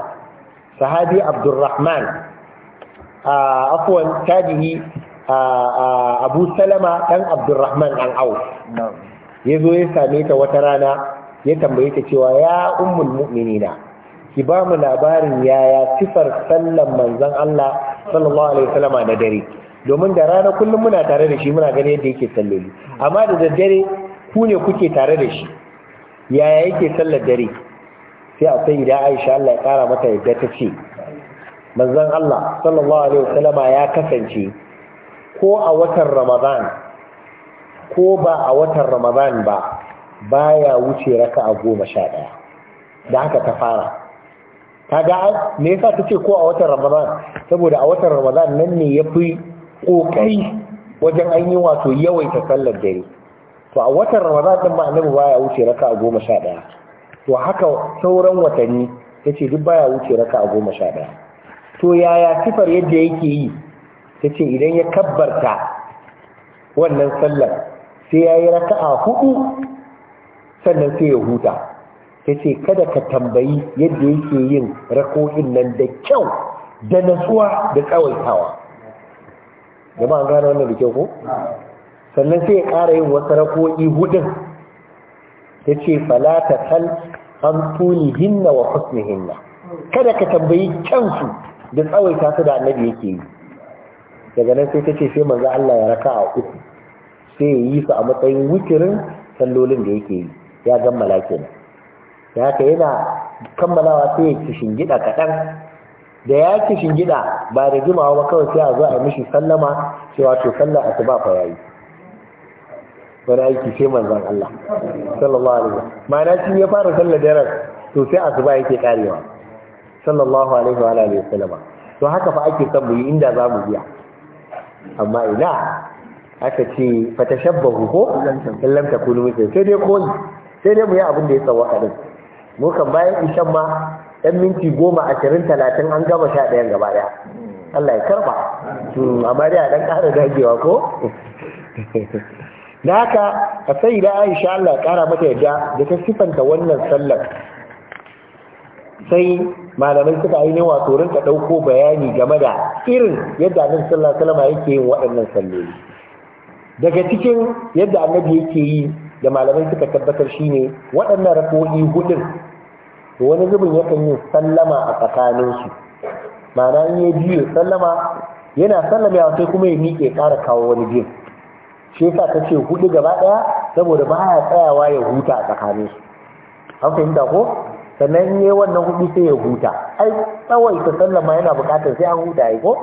sahabi abdurrahman a afwan tabihi abu salama ɗan abdurrahman an au ya zo ya same ta wata rana ya tambaye ta cewa ya ummul mu'minina ki ba mu labarin yaya sifar sallan manzon Allah sallallahu alaihi wasallama na dare domin da rana kullum muna tare da shi muna gani yadda yake salloli amma da daddare ku ne kuke tare da shi yaya yake sallar dare sai a sai idan Aisha Allah ya kara mata yadda ta ce manzon Allah sallallahu alaihi wasallama ya kasance ko a watan ramadan ko ba a watan ramadan ba baya wuce raka a goma sha ɗaya da haka ta fara ta ga me yasa ta ce ko a watan ramadan saboda a watan ramadan nan ne ya fi ƙoƙari wajen an yi wato yawaita sallar dare to a watan ramadan din ba annabi baya wuce raka a goma sha ɗaya to haka sauran watanni ta ce duk baya wuce raka a goma sha ɗaya to yaya sifar yadda yake yi yace idan ya kabbarta wannan sallar sai yayi raka'a hudu sannan sai ya huta yace kada ka tambayi yadda yake yin rako'in nan da kyau da natsuwa da tsawaitawa an gane wannan da kyau ko sannan sai ya ƙara yin wasu rako'i hudun Ta ce falata kal an tuni hinna wa husni hinna kada ka tambayi kyansu da tsawaita su da annabi yake yi daga nan sai ta ce sai manzo Allah ya raka a uku sai ya yi su a matsayin witirin sallolin da yake yi ya gammala kenan da haka yana kammalawa sai ya kishin gida kaɗan da ya kishin gida ba da jimawa ba kawai sai a zo a mishi sallama cewa to sallar asuba fa yayi wani aiki sai manzan Allah sallallahu alaihi wasallam ma'ana shi ya fara sallar da daren to sai tuba yake karewa sallallahu alaihi wa alihi wasallam to haka fa ake son mu yi inda za mu biya amma ina aka ce fatashabbahu ko in lam takunu mithlan sai dai koyi sai dai mu yi abin da ya tsawo a mu kan bayan ishan ma ɗan minti goma ashirin talatin an gama sha ɗayan gaba ɗaya Allah ya karɓa hmm, amma dai a ɗan ƙara dagewa ko da haka a sai da aisha Allah ya ƙara mata yadda da ta sifanta wannan sallar sai malamai suka aini wato rinka ɗauko bayani game da irin yadda annabi sallallahu alaihi wasallam yake yin waɗannan salloli daga cikin yadda annabi yake yi da malamai suka tabbatar shine waɗannan rako'i hudun to wani zubin yakan yi sallama a tsakaninsu ma'ana in ya biyu sallama yana sallama sai kuma ya miƙe ƙara kawo wani jin. shi yasa ta ce hudu gaba ɗaya saboda ba ya tsayawa ya huta a tsakaninsu an fahimta ko sannan in yi wannan hudu sai ya huta ai tsawai ta sallama yana bukatar sai an huta ya ko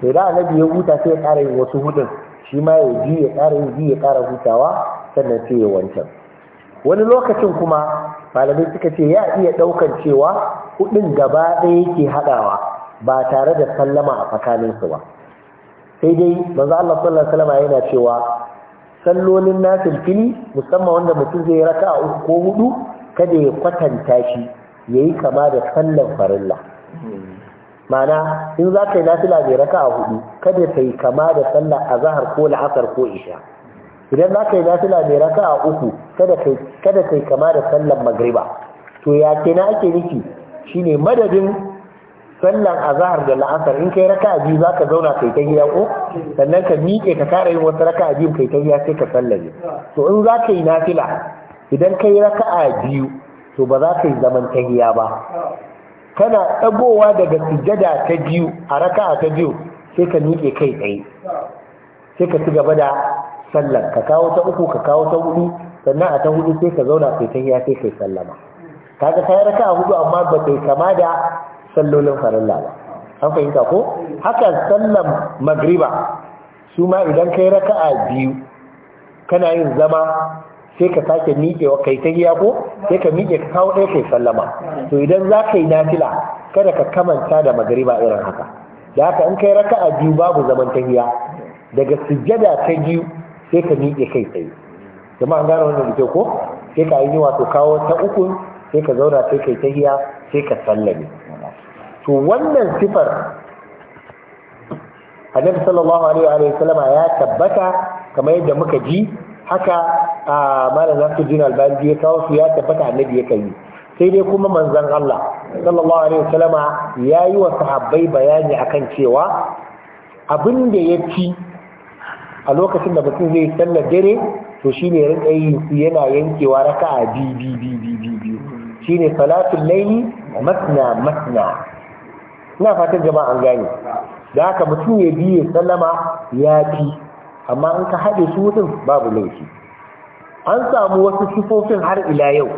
sai da alabi ya huta sai ya ƙara yin wasu hudun shi ma ya ji ya ƙara yin ji ya ƙara hutawa sannan sai ya wancan wani lokacin kuma malamai suka ce ya iya ɗaukan cewa hudun gaba ɗaya yake haɗawa ba tare da sallama a tsakaninsu ba sai dai manzo Allah sallallahu alaihi yana cewa sallolin nafil fili musamman wanda mutum zai raka a uku ko hudu kada ya kwatanta shi ya yi kama da sallan farilla mana in za ka yi nafila mai raka a hudu kada ta yi kama da sallar azahar ko la'asar ko isha idan za ka yi nafila mai raka a uku kada ta yi kama da sallar magriba to ya ke na ake nufi shine madadin sallar azahar da la'asar in kai raka a biyu za ka zauna kai ta gida ko sannan ka miƙe ka kara yin wasu raka a biyu kai ta gida sai ka sallame to in za ka yi nafila idan kayi raka'a biyu to ba za ka yi zaman tahiya ba kana ɗagowa daga sujada ta biyu a raka'a ta biyu sai ka miƙe kai tsaye sai ka ci gaba da sallar ka kawo ta uku ka kawo ta hudu sannan a ta hudu sai ka zauna kai tahiya sai kai sallama kaga kai raka'a hudu amma ba kai kama da sallolin farilla ba an fahimta ko haka sallan magriba su ma idan kai raka'a biyu kana yin zama sai ka sake miƙewa kai ta giya ko sai ka miƙe ka kawo ɗaya kai sallama to idan za ka yi nafila kada ka kamanta da magariba irin haka da haka in kai raka a biyu babu zaman ta giya, daga sujjada ta biyu sai ka miƙe kai tsaye kuma an gane wannan da ko sai ka yi wato kawo ta uku sai ka zauna sai kai giya, sai ka sallame to wannan sifar annabi sallallahu alaihi wa sallama ya tabbata kamar yadda muka ji haka a malam Nasiruddin Albani ya kawo su ya tabbata annabi ya kai sai dai kuma manzon Allah sallallahu alaihi wasallama yi wa sahabbai bayani akan cewa abin da ya ci a lokacin da mutum zai sallar dare to shine ya rinka yi yana yankewa raka'a bi bi bi bi bi shine salatul laili masna ina fatan jama'a an gane da haka mutum ya biye sallama ya fi amma in ka haɗe su wutin babu laifi an samu wasu sifofin har ila yau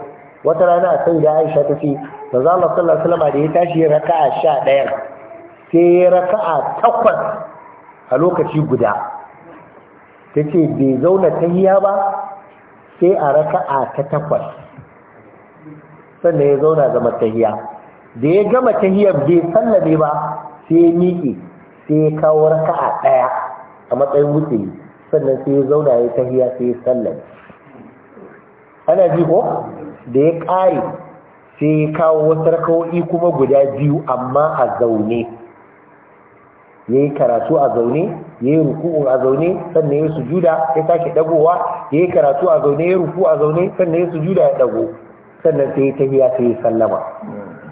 wata rana a sai da aisha ta ce manzo za sallallahu alaihi salama da ya tashi ya raka a sha ɗaya sai ya raka a takwas a lokaci guda ta ce bai zauna tahiyya ba sai a raka a ta takwas sannan ya zauna zama tahiya. da ya gama tahiyar bai sallame ba sai ya miƙe sai ya kawo a ɗaya a matsayin wutsi sannan sai ya zauna ya tahiya sai ya sallame ana ji ko da ya ƙare sai ya kawo wasu rakawo'i kuma guda biyu amma a zaune ya yi karatu a zaune ya yi ruku'u a zaune sannan ya sujuda ya sake dagowa ya yi karatu a zaune ya ruku a zaune sannan ya sujuda ya dago sannan sai ya tahiya sai ya sallama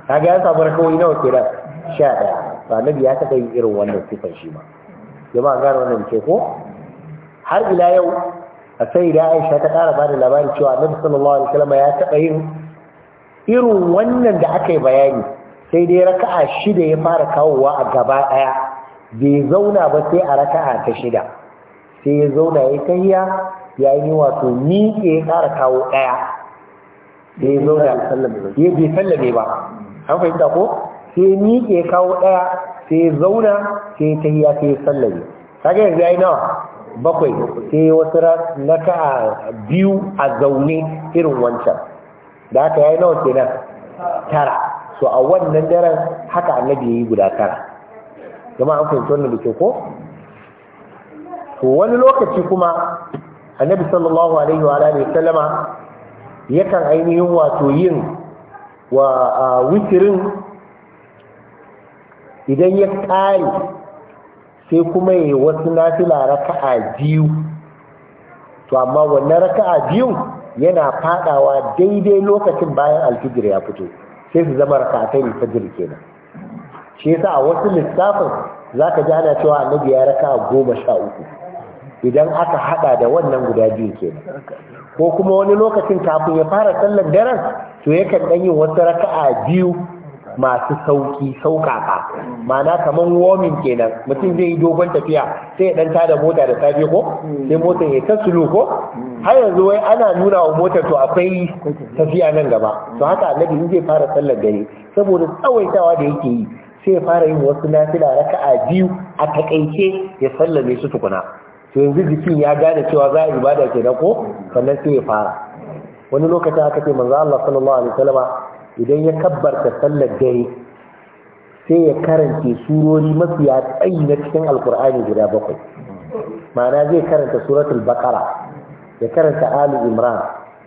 kaga ya samu rakawo'i nawa kenan sha ɗaya ba nabi ya taɓa kai irin wannan sifan shi ba. jama'a gane wannan ke ko har ila yau a sai da aisha ta ƙara bada labarin cewa annabi sallallahu alaihi wasallam ya taɓa yin irin wannan da aka yi bayani sai dai raka'a shida ya fara kawowa a gaba ɗaya bai zauna ba sai a raka'a ta shida sai ya zauna ya tahiya ya yi wato miƙe ya ƙara kawo ɗaya da ya zauna ya bai sallame ba an fahimta ko sai miƙe ya kawo ɗaya sai zauna sai ta hiya sai sallame kage yanzu yayi nawa bakwai sai wasu ka biyu a zaune irin wancan da haka yayi nawa na? tara so a wannan daren haka annabi yayi guda tara kuma an fahimci wannan da ko to wani lokaci kuma annabi sallallahu alaihi wa alihi sallama yakan ainihin wato yin wa witirin idan ya ƙare sai kuma ya wasu nafila raka'a biyu to amma wannan raka'a biyu yana fadawa daidai lokacin bayan alfijir ya fito sai su zama raka'atai fajr kenan shi yasa a wasu lissafin zaka ji ana cewa annabi ya raka'a goma sha uku idan aka hada da wannan guda biyu kenan ko kuma wani lokacin kafin ya fara sallar daren to yakan dan yin wasu raka'a biyu masu sauki saukaka mana kaman warming kenan mutum zai yi dogon tafiya sai ya dan da mota da safe ko sai motar ya ta sulu ko har yanzu wai ana nuna wa motar to akwai tafiya nan gaba to haka annabi in zai fara sallar gare saboda tsawaitawa da yake yi sai ya fara yin wasu nafila raka'a biyu a takaice ya sallame su tukuna to yanzu jikin ya gane cewa za a ibada kenan ko sannan sai ya fara wani lokacin aka ce manzo Allah sallallahu alaihi wasallama idan ya kabbarta sallar dare sai ya karanta surori mafiya tsayi na cikin alkur'ani guda bakwai ma'ana zai karanta suratul bakara ya karanta ali imran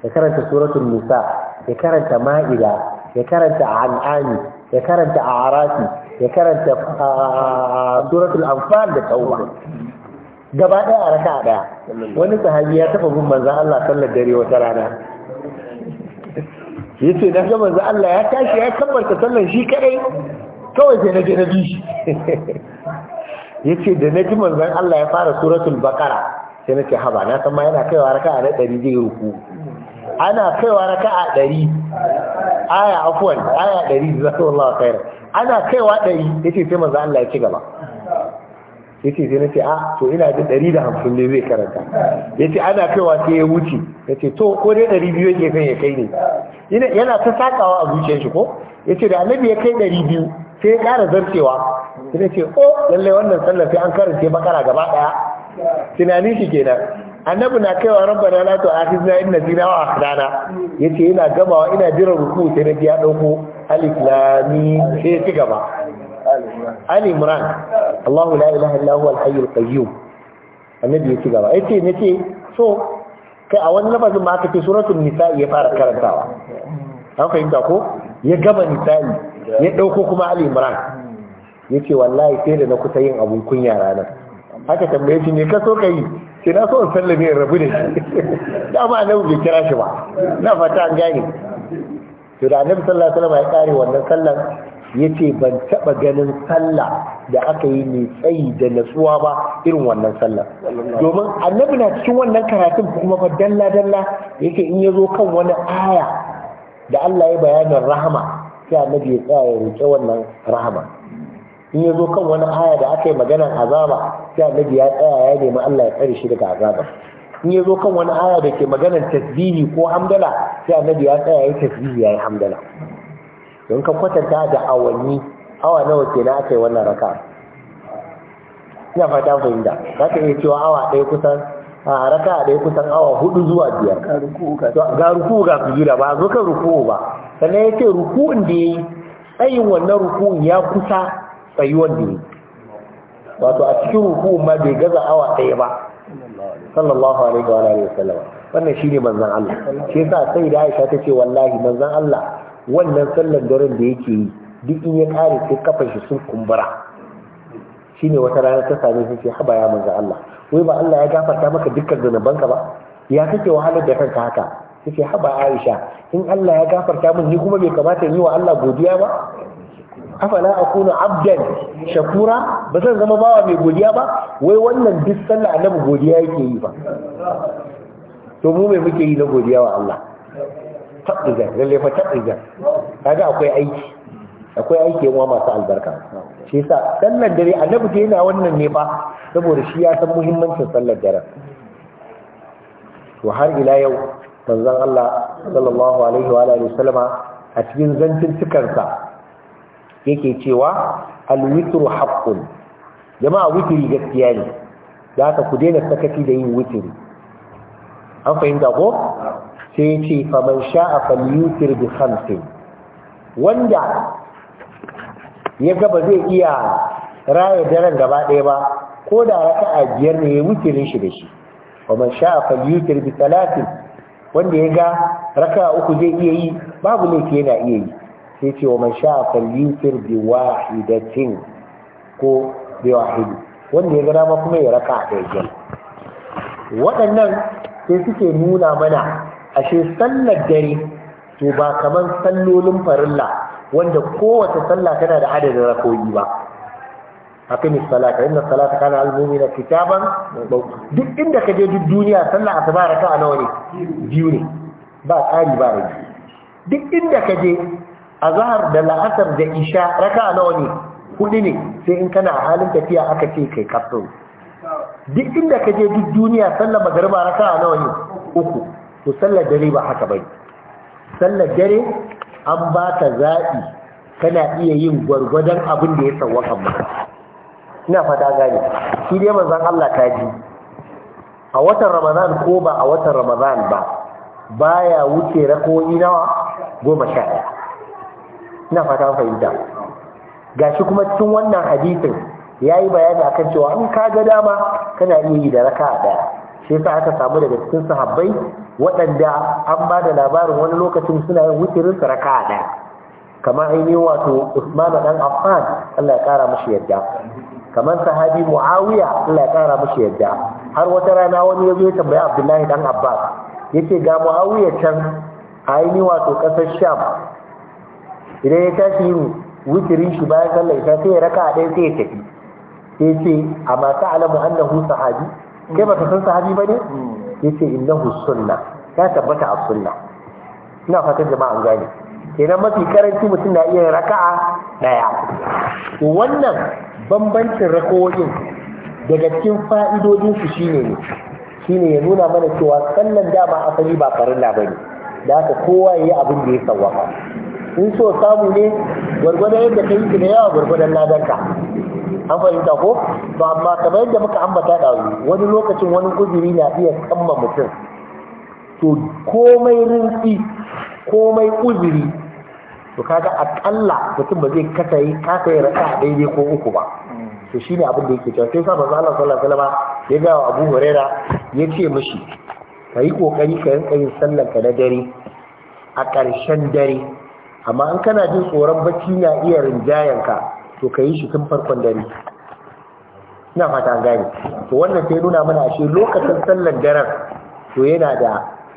ya karanta suratul nisa ya karanta ma'ida ya karanta an'ani ya karanta arafi ya karanta ah, suratul anfal da tauba gaba daya a raka daya wani sahabi ya taba bin manzon Allah sallar dare wata rana ya ce na ga za Allah ya tashi ya kabbarta sallan shi kadai kawai sai na je na bi shi ya ce da na ji manzon Allah ya fara suratul bakara sai na ce haba na san ma yana kaiwa raka'a na ɗari zai ruku ana kaiwa a ɗari aya afuwan aya ɗari jazakallahu khairan ana kaiwa ɗari ya ce sai manzan Allah ya ci gaba yace sai nace a ah, to ina da da hamsin ne zai karanta yace ana kaiwa sai ya wuce yace to ko dai biyu yake kan ya kai ne yana ta sakawa a zuciyar shi ko yace da annabi ya kai ɗari biyu sai ya kara zarcewa sai nace o oh, lallai wannan sallar sai an karance bakara gaba daya tunanin shi kenan annabi na kaiwa rabbana a hizna in zina wa akhdana yace yana gamawa ina jiran ruku sai na ya ɗauko alif lam sai ya ci gaba Ali Imran Allahu la ilaha illa huwa al al qayyum annabi ya gaba yace nace so kai a wani lafazin ma aka ce suratul nisa'i ya fara karantawa an fahimta ko ya gama nisa'i ya dauko kuma Ali Imran yace wallahi sai da na kusa yin abun kunya nan. haka tambaye shi ne ka so kai sai na so in sallame in rabu da shi ba annabi bai kira shi ba na fata an gane to da annabi sallallahu alaihi wasallam ya kare wannan sallan yace ban taɓa ganin sallah da aka yi mai tsayi da natsuwa ba irin wannan sallah domin annabi na cikin wannan karatun kuma fa dalla dalla yake in ya zo kan wani aya da Allah ya bayanin rahama sai annabi ya tsaya ya roƙi wannan rahama in ya zo kan wani aya da aka yi maganar azaba sai annabi ya tsaya ya nemi Allah ya tsare shi daga azaba in ya zo kan wani aya da ke maganar tasbihi ko hamdala sai annabi ya tsaya ya yi tasbihi ya yi hamdala don ka kwatanta da awanni awa nawa ke na aka yi wannan raka ina fata fahimta za ka iya cewa awa ɗaya kusan a raka a ɗaya kusan awa hudu zuwa biyar ga ruku ga sujuda ba zo kan ruku ba sannan ya ce ruku'un da ya yi tsayin wannan ruku'un ya kusa tsayuwan da ya yi wato a cikin ruku'un ma bai gaza awa ɗaya ba sallallahu alaihi wa alihi wa sallama wannan shine manzon Allah shi yasa sai da Aisha ta ce wallahi manzon Allah wannan sallar daren da yake yi duk in ya kare sai kafar shi sun kumbura shine wata rana ta same shi ce haba ya manzo Allah wai ba Allah ya gafarta maka dukkan zanubanka ba ya kake wahalar da kanka haka yace haba Aisha in Allah ya gafarta min ni kuma bai kamata in yi wa Allah godiya ba afala akunu abdan shakura ba zan zama bawa mai godiya ba wai wannan duk sallah annabi godiya yake yi ba to mu me muke yi na godiya wa Allah taɗiga lalle fa taɗiga kaga akwai aiki akwai aiki yawa masu albarka shi yasa sallar dare annabi da yana wannan ne ba saboda shi ya san muhimmancin sallar dare to har ila yau manzon Allah sallallahu alaihi wa alihi wasallama a cikin tukarsa yake cewa Al-wisu al-witr haqqun jama'a witri gaskiya ne da ku daina sakaci da yin witri an fahimta ko sai ce faman sha'a falyutir bi khamsin wanda ya ba zai iya raya daren gaba ɗaya ba ko da raka'a biyar ne ya wuce shi da shi faman sha'a falyutir bi talatin wanda ya ga raka uku zai iya yi babu laifi yana iya yi sai ce wa man sha'a falyutir bi wahidatin ko bi wahidi wanda ya ga ma kuma ya raka a ɗaya waɗannan sai suke nuna mana ashe sallar dare to ba kamar sallolin farilla wanda kowace sallah tana da adadin rakoyi ba aqimi salata inna salata kana al mu'mina kitaban duk inda kaje duk duniya sallah asuba raka'a nawa ne biyu ne ba tsari ba ne. duk inda kaje azhar da la'asar da isha raka'a nawa ne hudu ne sai in kana halin tafiya aka ce kai kafin. duk inda ka je duk duniya sallar magariba raka'a nawa ne uku to sallar dare ba haka bane sallar dare an ba ta zaɓi kana iya yin gwargwadon abin da ya kan maka ina fata gane shi dai manzon Allah ta ji a watan Ramadan ko ba a watan Ramadan ba baya wuce rakoyi nawa goma sha ɗaya ina fata fahimta gashi kuma cikin wannan hadisin ya yi bayani akan cewa in ka ga dama kana iya yi da raka a ɗaya. shi yasa aka samu daga cikin sahabbai waɗanda an ba da labarin wani lokacin suna yin wutirin su raka daya kamar ainihin wato Usman dan Affan Allah ya kara mashi yadda kamar sahabi Muawiya Allah ya kara mashi yadda har wata rana wani ya zo ya tambaya Abdullahi dan Abbas yace ga Muawiya can ainihin wato kasar Sham idan ya tashi yin wutirin shi bayan sallar ita sai ya raka ɗaya sai ya tafi sai ce masu alamu annahu sahabi kai baka san sahabi ya ce innahu sunna ya tabbata a sunna ina fatan jama'a an gane kenan mafi karanci mutum na iya raka'a daya wannan bambancin rakowoyin daga cikin fa'idodin su shine ne shine ya nuna mana cewa sallan dama asali ba farilla bane da haka kowa yayi abin da ya sawwaka in so samu ne gwargwadon yadda ka yi da yawa gwargwadon ladanka an fahimta ko to amma kamar yadda muka ambata da wani lokacin wani uzuri na iya kamma mutum to komai rinsi komai kuziri, to kaga akalla mutum ba zai kasa yi kasa yi rasa daidai ko uku ba to shine abin da yake cewa sai sa manzo Allah sallallahu alaihi wasallam ya ga Abu Huraira ya ce mishi kai kokari ka rinka yin sallar ka na dare a ƙarshen dare amma in kana jin tsoron bacci na iya rinjayen ka to ka yi shi tun farkon dare ina fata an to wannan sai nuna mana shi lokacin sallar daren to yana da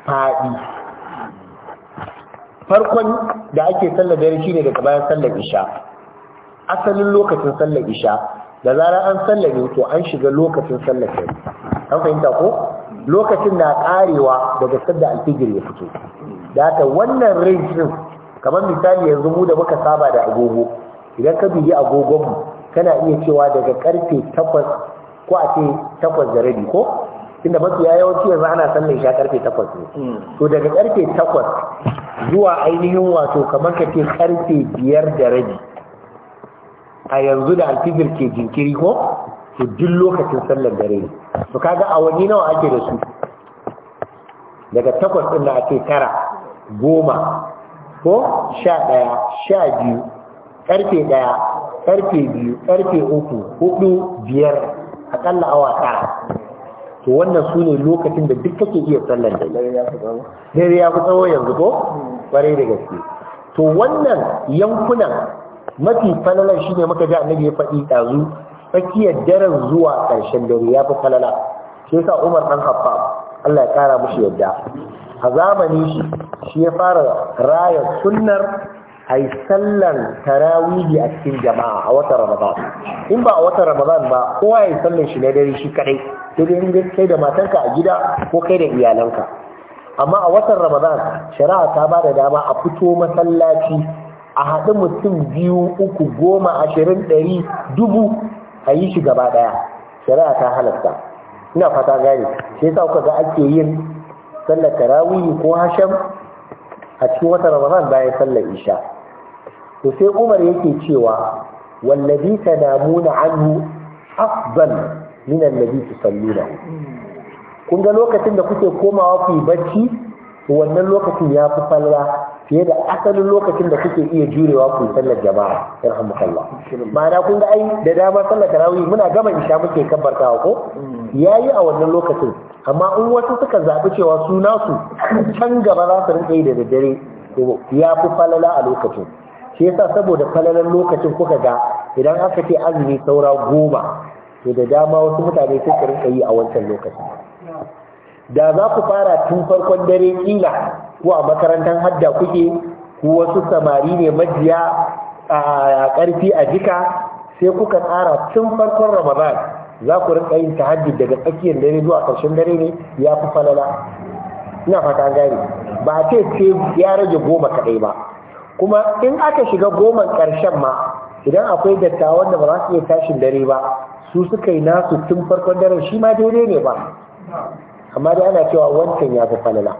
faɗi farkon da ake sallar dare shine daga bayan sallar isha asalin lokacin sallar isha da zara an sallar ne to an shiga lokacin sallar dare an fahimta ko lokacin na karewa daga sadda alfijir ya fito da haka wannan rage kamar misali yanzu mu da muka saba da agogo idan ka biyi agogon mu kana iya cewa daga karfe takwas ko a ce takwas da rabi ko mafi ya yawanci yanzu ana san mai sha karfe takwas ne hmm. to daga karfe takwas zuwa ainihin wato kamar ka ce karfe biyar da rabi a yanzu da alfijir ke jinkiri ko to duk lokacin sallar dare ne to kaga awanni nawa ake da su daga takwas din da ake tara goma ko sha ɗaya sha biyu Ƙarfe ɗaya ƙarfe biyu ƙarfe uku hudu biyar aƙalla awa tara to wannan su ne lokacin da duk kake iya sallar da dare ya fi tsawo yanzu ko ƙwarai da gaske to wannan yankunan mafi falalar shi ne muka ji annabi ya faɗi ɗazu tsakiyar daren zuwa ƙarshen dare ya fi falala shi yasa umar ɗan haffa Allah ya ƙara mushi yadda a zamani shi shi ya fara raya sunnar ai sallan tarawihi a cikin jama'a a watan ramadan in ba a watan ramadan ba kowa ya sallan shi na dare shi kadai sai dai kai da matanka a gida ko kai da iyalanka amma a watan ramadan shari'a ta ba da dama a fito masallaci a haɗu mutum biyu uku goma ashirin ɗari dubu a yi shi gaba ɗaya shari'a ta halatta ina fata gane sai sa kuka ga ake yin sallar tarawihi ko hasham a cikin watan ramadan bayan sallar isha to sai umar yake cewa wallazi tanamuna anhu afdal min allazi tusalluna kun ga lokacin da kuke komawa ku yi bacci to wannan lokacin ya fi falwa fiye da asalin lokacin da kuke iya jurewa ku sallar jama'a yarhamukallah ma'ana kun ga ai da dama sallar tarawih muna gama isha muke kabbartawa ko yayi a wannan lokacin amma in wasu suka zaɓi cewa su nasu can gaba za su rinka yi da daddare ya fi falala a lokacin shi yasa saboda falalan lokacin kuka ga idan aka ce azumi saura goma to da dama wasu mutane sun rinka yi a wancan lokacin da za ku fara tun farkon dare kila ko a makarantar hadda kuke ko wasu samari ne majiya a karfi a jika sai kuka tsara tun farkon ramadan za ku rinka yin tahajjud daga tsakiyar dare zuwa ƙarshen dare ne ya fi falala ina fata gane ba a ce sai ya rage goma kaɗai ba kuma in aka shiga goma ƙarshen ma idan akwai dattawan da ba za su iya tashin dare ba su suka yi nasu tun farkon daren shi ma daidai ne ba amma dai ana cewa wancan ya fi falala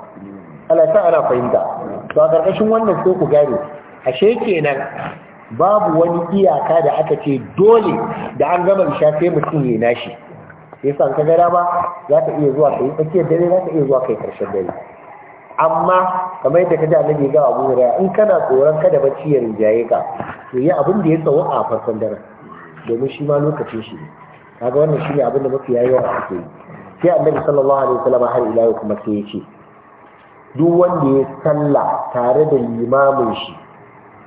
ala sa ana fahimta to a ƙarƙashin wannan sai ku gane ashe kenan babu wani iyaka da aka ce dole da an gama isha sai mutum ya nashi sai san ka gara ba za ka iya zuwa kai tsakiyar dare za ka iya zuwa kai ƙarshen dare amma kamar yadda ji annabi ga Abu da in kana tsoron kada bacci ya rinjaye ka to yi abin da ya tsawo a farkon daren domin shi ma lokacin shi kaga wannan shi ne abin da mafi yawa ake yi sai annabi sallallahu alaihi wasallam har ila yau kuma sai yace duk wanda ya sallah tare da limamin shi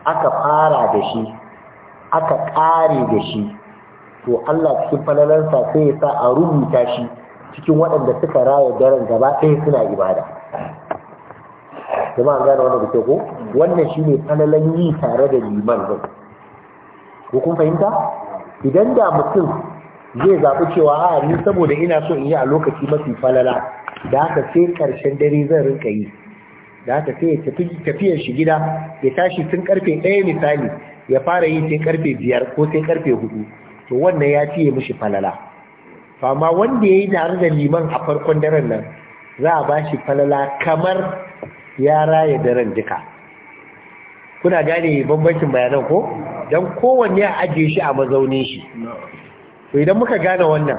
aka fara da shi aka kare da shi to Allah cikin falalansa sai ya sa a rubuta shi cikin waɗanda suka raya daren gaba ɗaya suna ibada kuma an gane wani ko wannan shine falalan yi tare da liman zai ko kun fahimta idan da mutum zai zaɓi cewa a ni saboda ina so in yi a lokaci mafi falala da aka sai ƙarshen dare zan rinka yi da aka sai tafiyar shi gida ya tashi tun karfe ɗaya misali ya fara yi sai karfe biyar ko sai karfe hudu to wannan ya fiye mishi falala fama wanda ya yi tare da liman a farkon daren nan za a ba shi falala kamar ya raya daren duka kuna gane bambancin bayanan ko don kowanne ya ajiye shi a mazaunin shi to idan muka gane wannan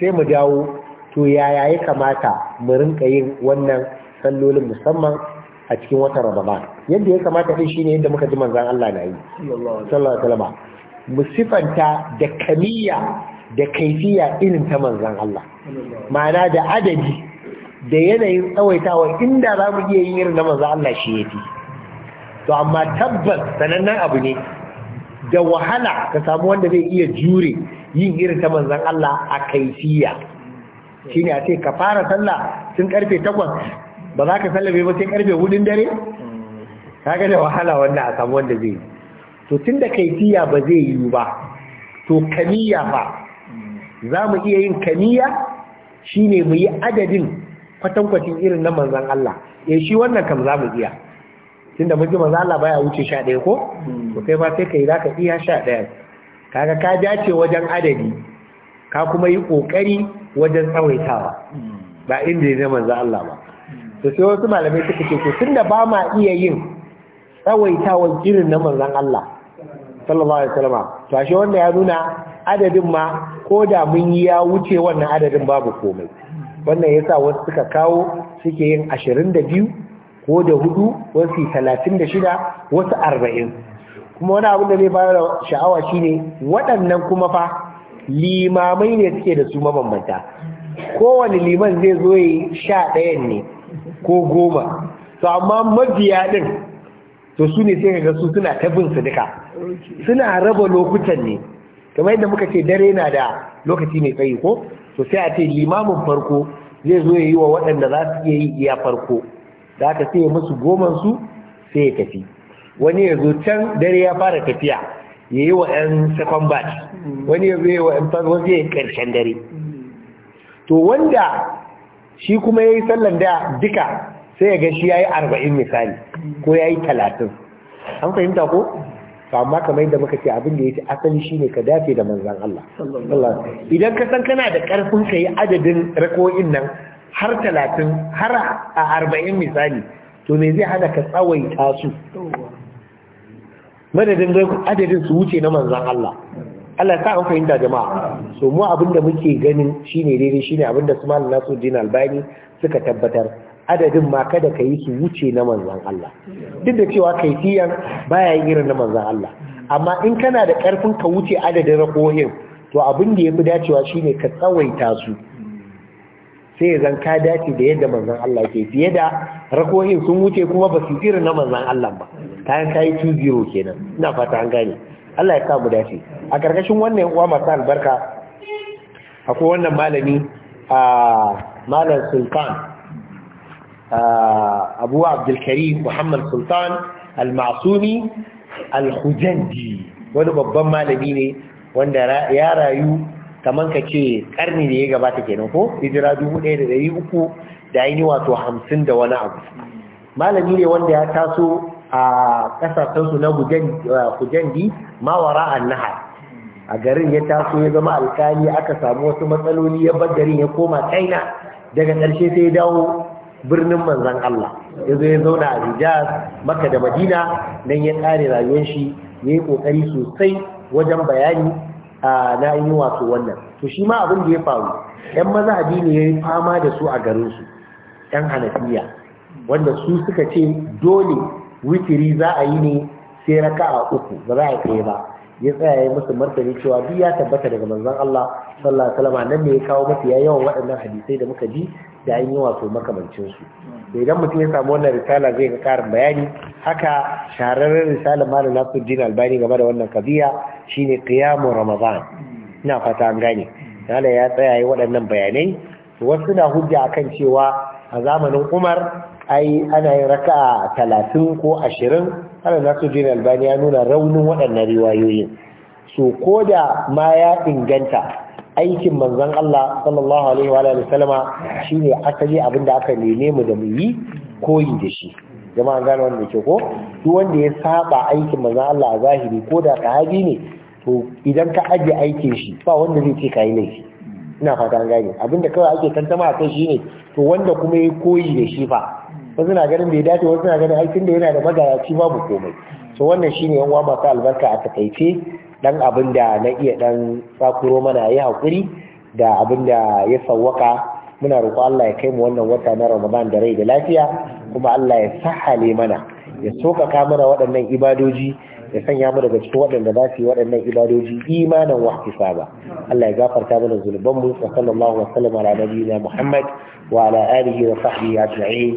sai mu dawo to yaya ya kamata mu rinka yin wannan sallolin musamman a cikin watan Ramadan yadda ya kamata din shine yadda muka ji manzon Allah na yi sallallahu alaihi wasallam mu sifanta da kamiyya da kaifiya irin ta manzon Allah ma'ana da adadi da yanayin tsawaitawa inda za mu iya yin irin na maza Allah shi ya fi to amma tabbas sanannen abu ne da wahala ka samu wanda zai iya jure yin irin ta manzon Allah a kaifiya ne a ce ka fara sallah tun karfe takwas ba za ka sallabe ba sai karfe hudun dare kaga da wahala wanda a samu wanda zai yi to da kaifiya ba zai yi ba to kamiya ba za mu iya yin kamiya shi ne mu yi adadin kwatankwacin irin na manzan Allah ya eh, shi wannan kam za mu iya tun da muke manzan Allah baya wuce sha ɗaya ko ko hmm. kai ba sai kai za ka iya sha ɗaya kaga ka dace wajen adadi ka kuma yi ƙoƙari wajen tsawaitawa hmm. ba inda ya manzan Allah ba hmm. to sai wasu malamai suka ce ko, tun da ba ma iya yin tsawaitawan irin na manzan Allah sallallahu alaihi wasallam to ashe wanda ya nuna adadin ma ko da mun yi ya wuce wannan adadin babu komai wannan ya sa wasu suka kawo suke yin ashirin da biyu ko da hudu wasu talatin da shida wasu arba'in kuma wani abin da zai bayar da sha'awa shine waɗannan kuma fa limamai ne suke da su mabambanta kowane liman zai zo yi sha ɗayan ne ko goma to amma mabiya ɗin to su ne sai ga su suna ta bin su duka suna raba lokutan ne kamar yadda muka ce dare na da lokaci mai tsayi ko to sai a ce limamin farko zai zo ya yi wa waɗanda za su iya yi iya farko da aka sai musu goman su sai ya tafi wani ya zo can dare ya fara tafiya ya yi wa 'yan second batch wani ya zo ya wa 'yan farko yi ƙarshen dare to wanda shi kuma ya yi sallan da duka sai ya ga shi ya yi arba'in misali ko ya yi talatin an fahimta ko to amma kamar yadda muka ce abin da yake asali shine ka dace da manzon Allah idan ka san kana da karfin ka yi adadin rako'in nan har 30 har 40 misali to me zai hana ka tsawai tasu? madadin adadin su wuce na manzon Allah Allah sa an fahimta jama'a so mu abinda muke ganin shine daidai shine abinda nasu Nasuddin Albani suka tabbatar adadin ma kada ka yi su wuce na manzan Allah duk da cewa kaifiyan baya yin irin na manzan Allah amma in kana da karfin ka wuce adadin rakohin to abin da yafi dacewa shine ka tsawaita su sai ya zan ka dace da yadda manzan Allah ke fiye da rakohin sun wuce kuma ba su irin na manzan Allah ba Ta ka kayi 2-0 kenan ina fata an gane Allah ya sa mu dace a karkashin wannan uwa masu albarka akwai wannan malami a ah, malam sultan abu abdulkarim muhammad sultan al-masumi al wani babban malami ne wanda ya rayu kamar ka ce karni da ya gabata kenan ko hijira dubu ɗaya da ɗari uku da aini wato hamsin da wani abu malami ne wanda ya taso a ƙasashensu na hujandi mawara an nahar a garin ya taso ya zama alkali aka samu wasu matsaloli ya bar garin ya koma china daga ƙarshe sai ya dawo birnin manzan Allah ya ya zauna a Rijas Makka da Madina nan ya ƙare rayuwar shi ya yi ƙoƙari sosai wajen bayani na yi wato wannan to shi ma abin da ya faru yan maza ne ya yi fama da su a garinsu, yan hanafiya wanda su suka ce dole witiri za a yi ne sai raka'a uku ba za a kai ba ya tsaya ya musu martani cewa duk ya tabbata daga manzon Allah sallallahu alaihi wasallam nan ne ya kawo mafiya yawan waɗannan hadisai da muka ji da an yi wato makamancin su to idan mutum ya samu wannan risala zai ga karin bayani haka shahararren risalar malam Nasiruddin Albani game da wannan kabiya shine qiyamu ramadan ina fata an gane Allah ya tsaya ya waɗannan bayanai wasu na hujja akan cewa a zamanin Umar ai ana yin raka'a talatin ko ashirin ana nasu jini albani ya nuna raunin waɗannan riwayoyin so ko da ma ya inganta aikin manzon Allah sallallahu alaihi wa alihi sallama shine asali abin da aka neme mu da mu yi koyi da shi jama'an gane wanda ke ko duk wanda ya saba aikin manzan Allah a zahiri ko da ka haji ne to idan ka aje aikin shi ba wanda zai ce kai laifi ina fata an gane abinda kawai ake tantama a kai ne to wanda kuma ya koyi da shi fa wasu na ganin bai dace wasu na ganin aikin da yana da magayaci babu komai so wannan shine yan uwa masu albarka a takaice dan abin da na iya dan sakuro mana yi hakuri da abin da ya sawwaka muna roƙo Allah ya kai mu wannan wata na Ramadan da rai da lafiya kuma Allah ya sahale mana ya sokaka mana waɗannan ibadoji ya sanya mu daga cikin waɗanda za su yi waɗannan ibadoji imanan wa hisaba Allah ya gafarta mana zunuban wa sallallahu wa sallama ala nabiyina Muhammad wa ala alihi wa sahbihi ajma'in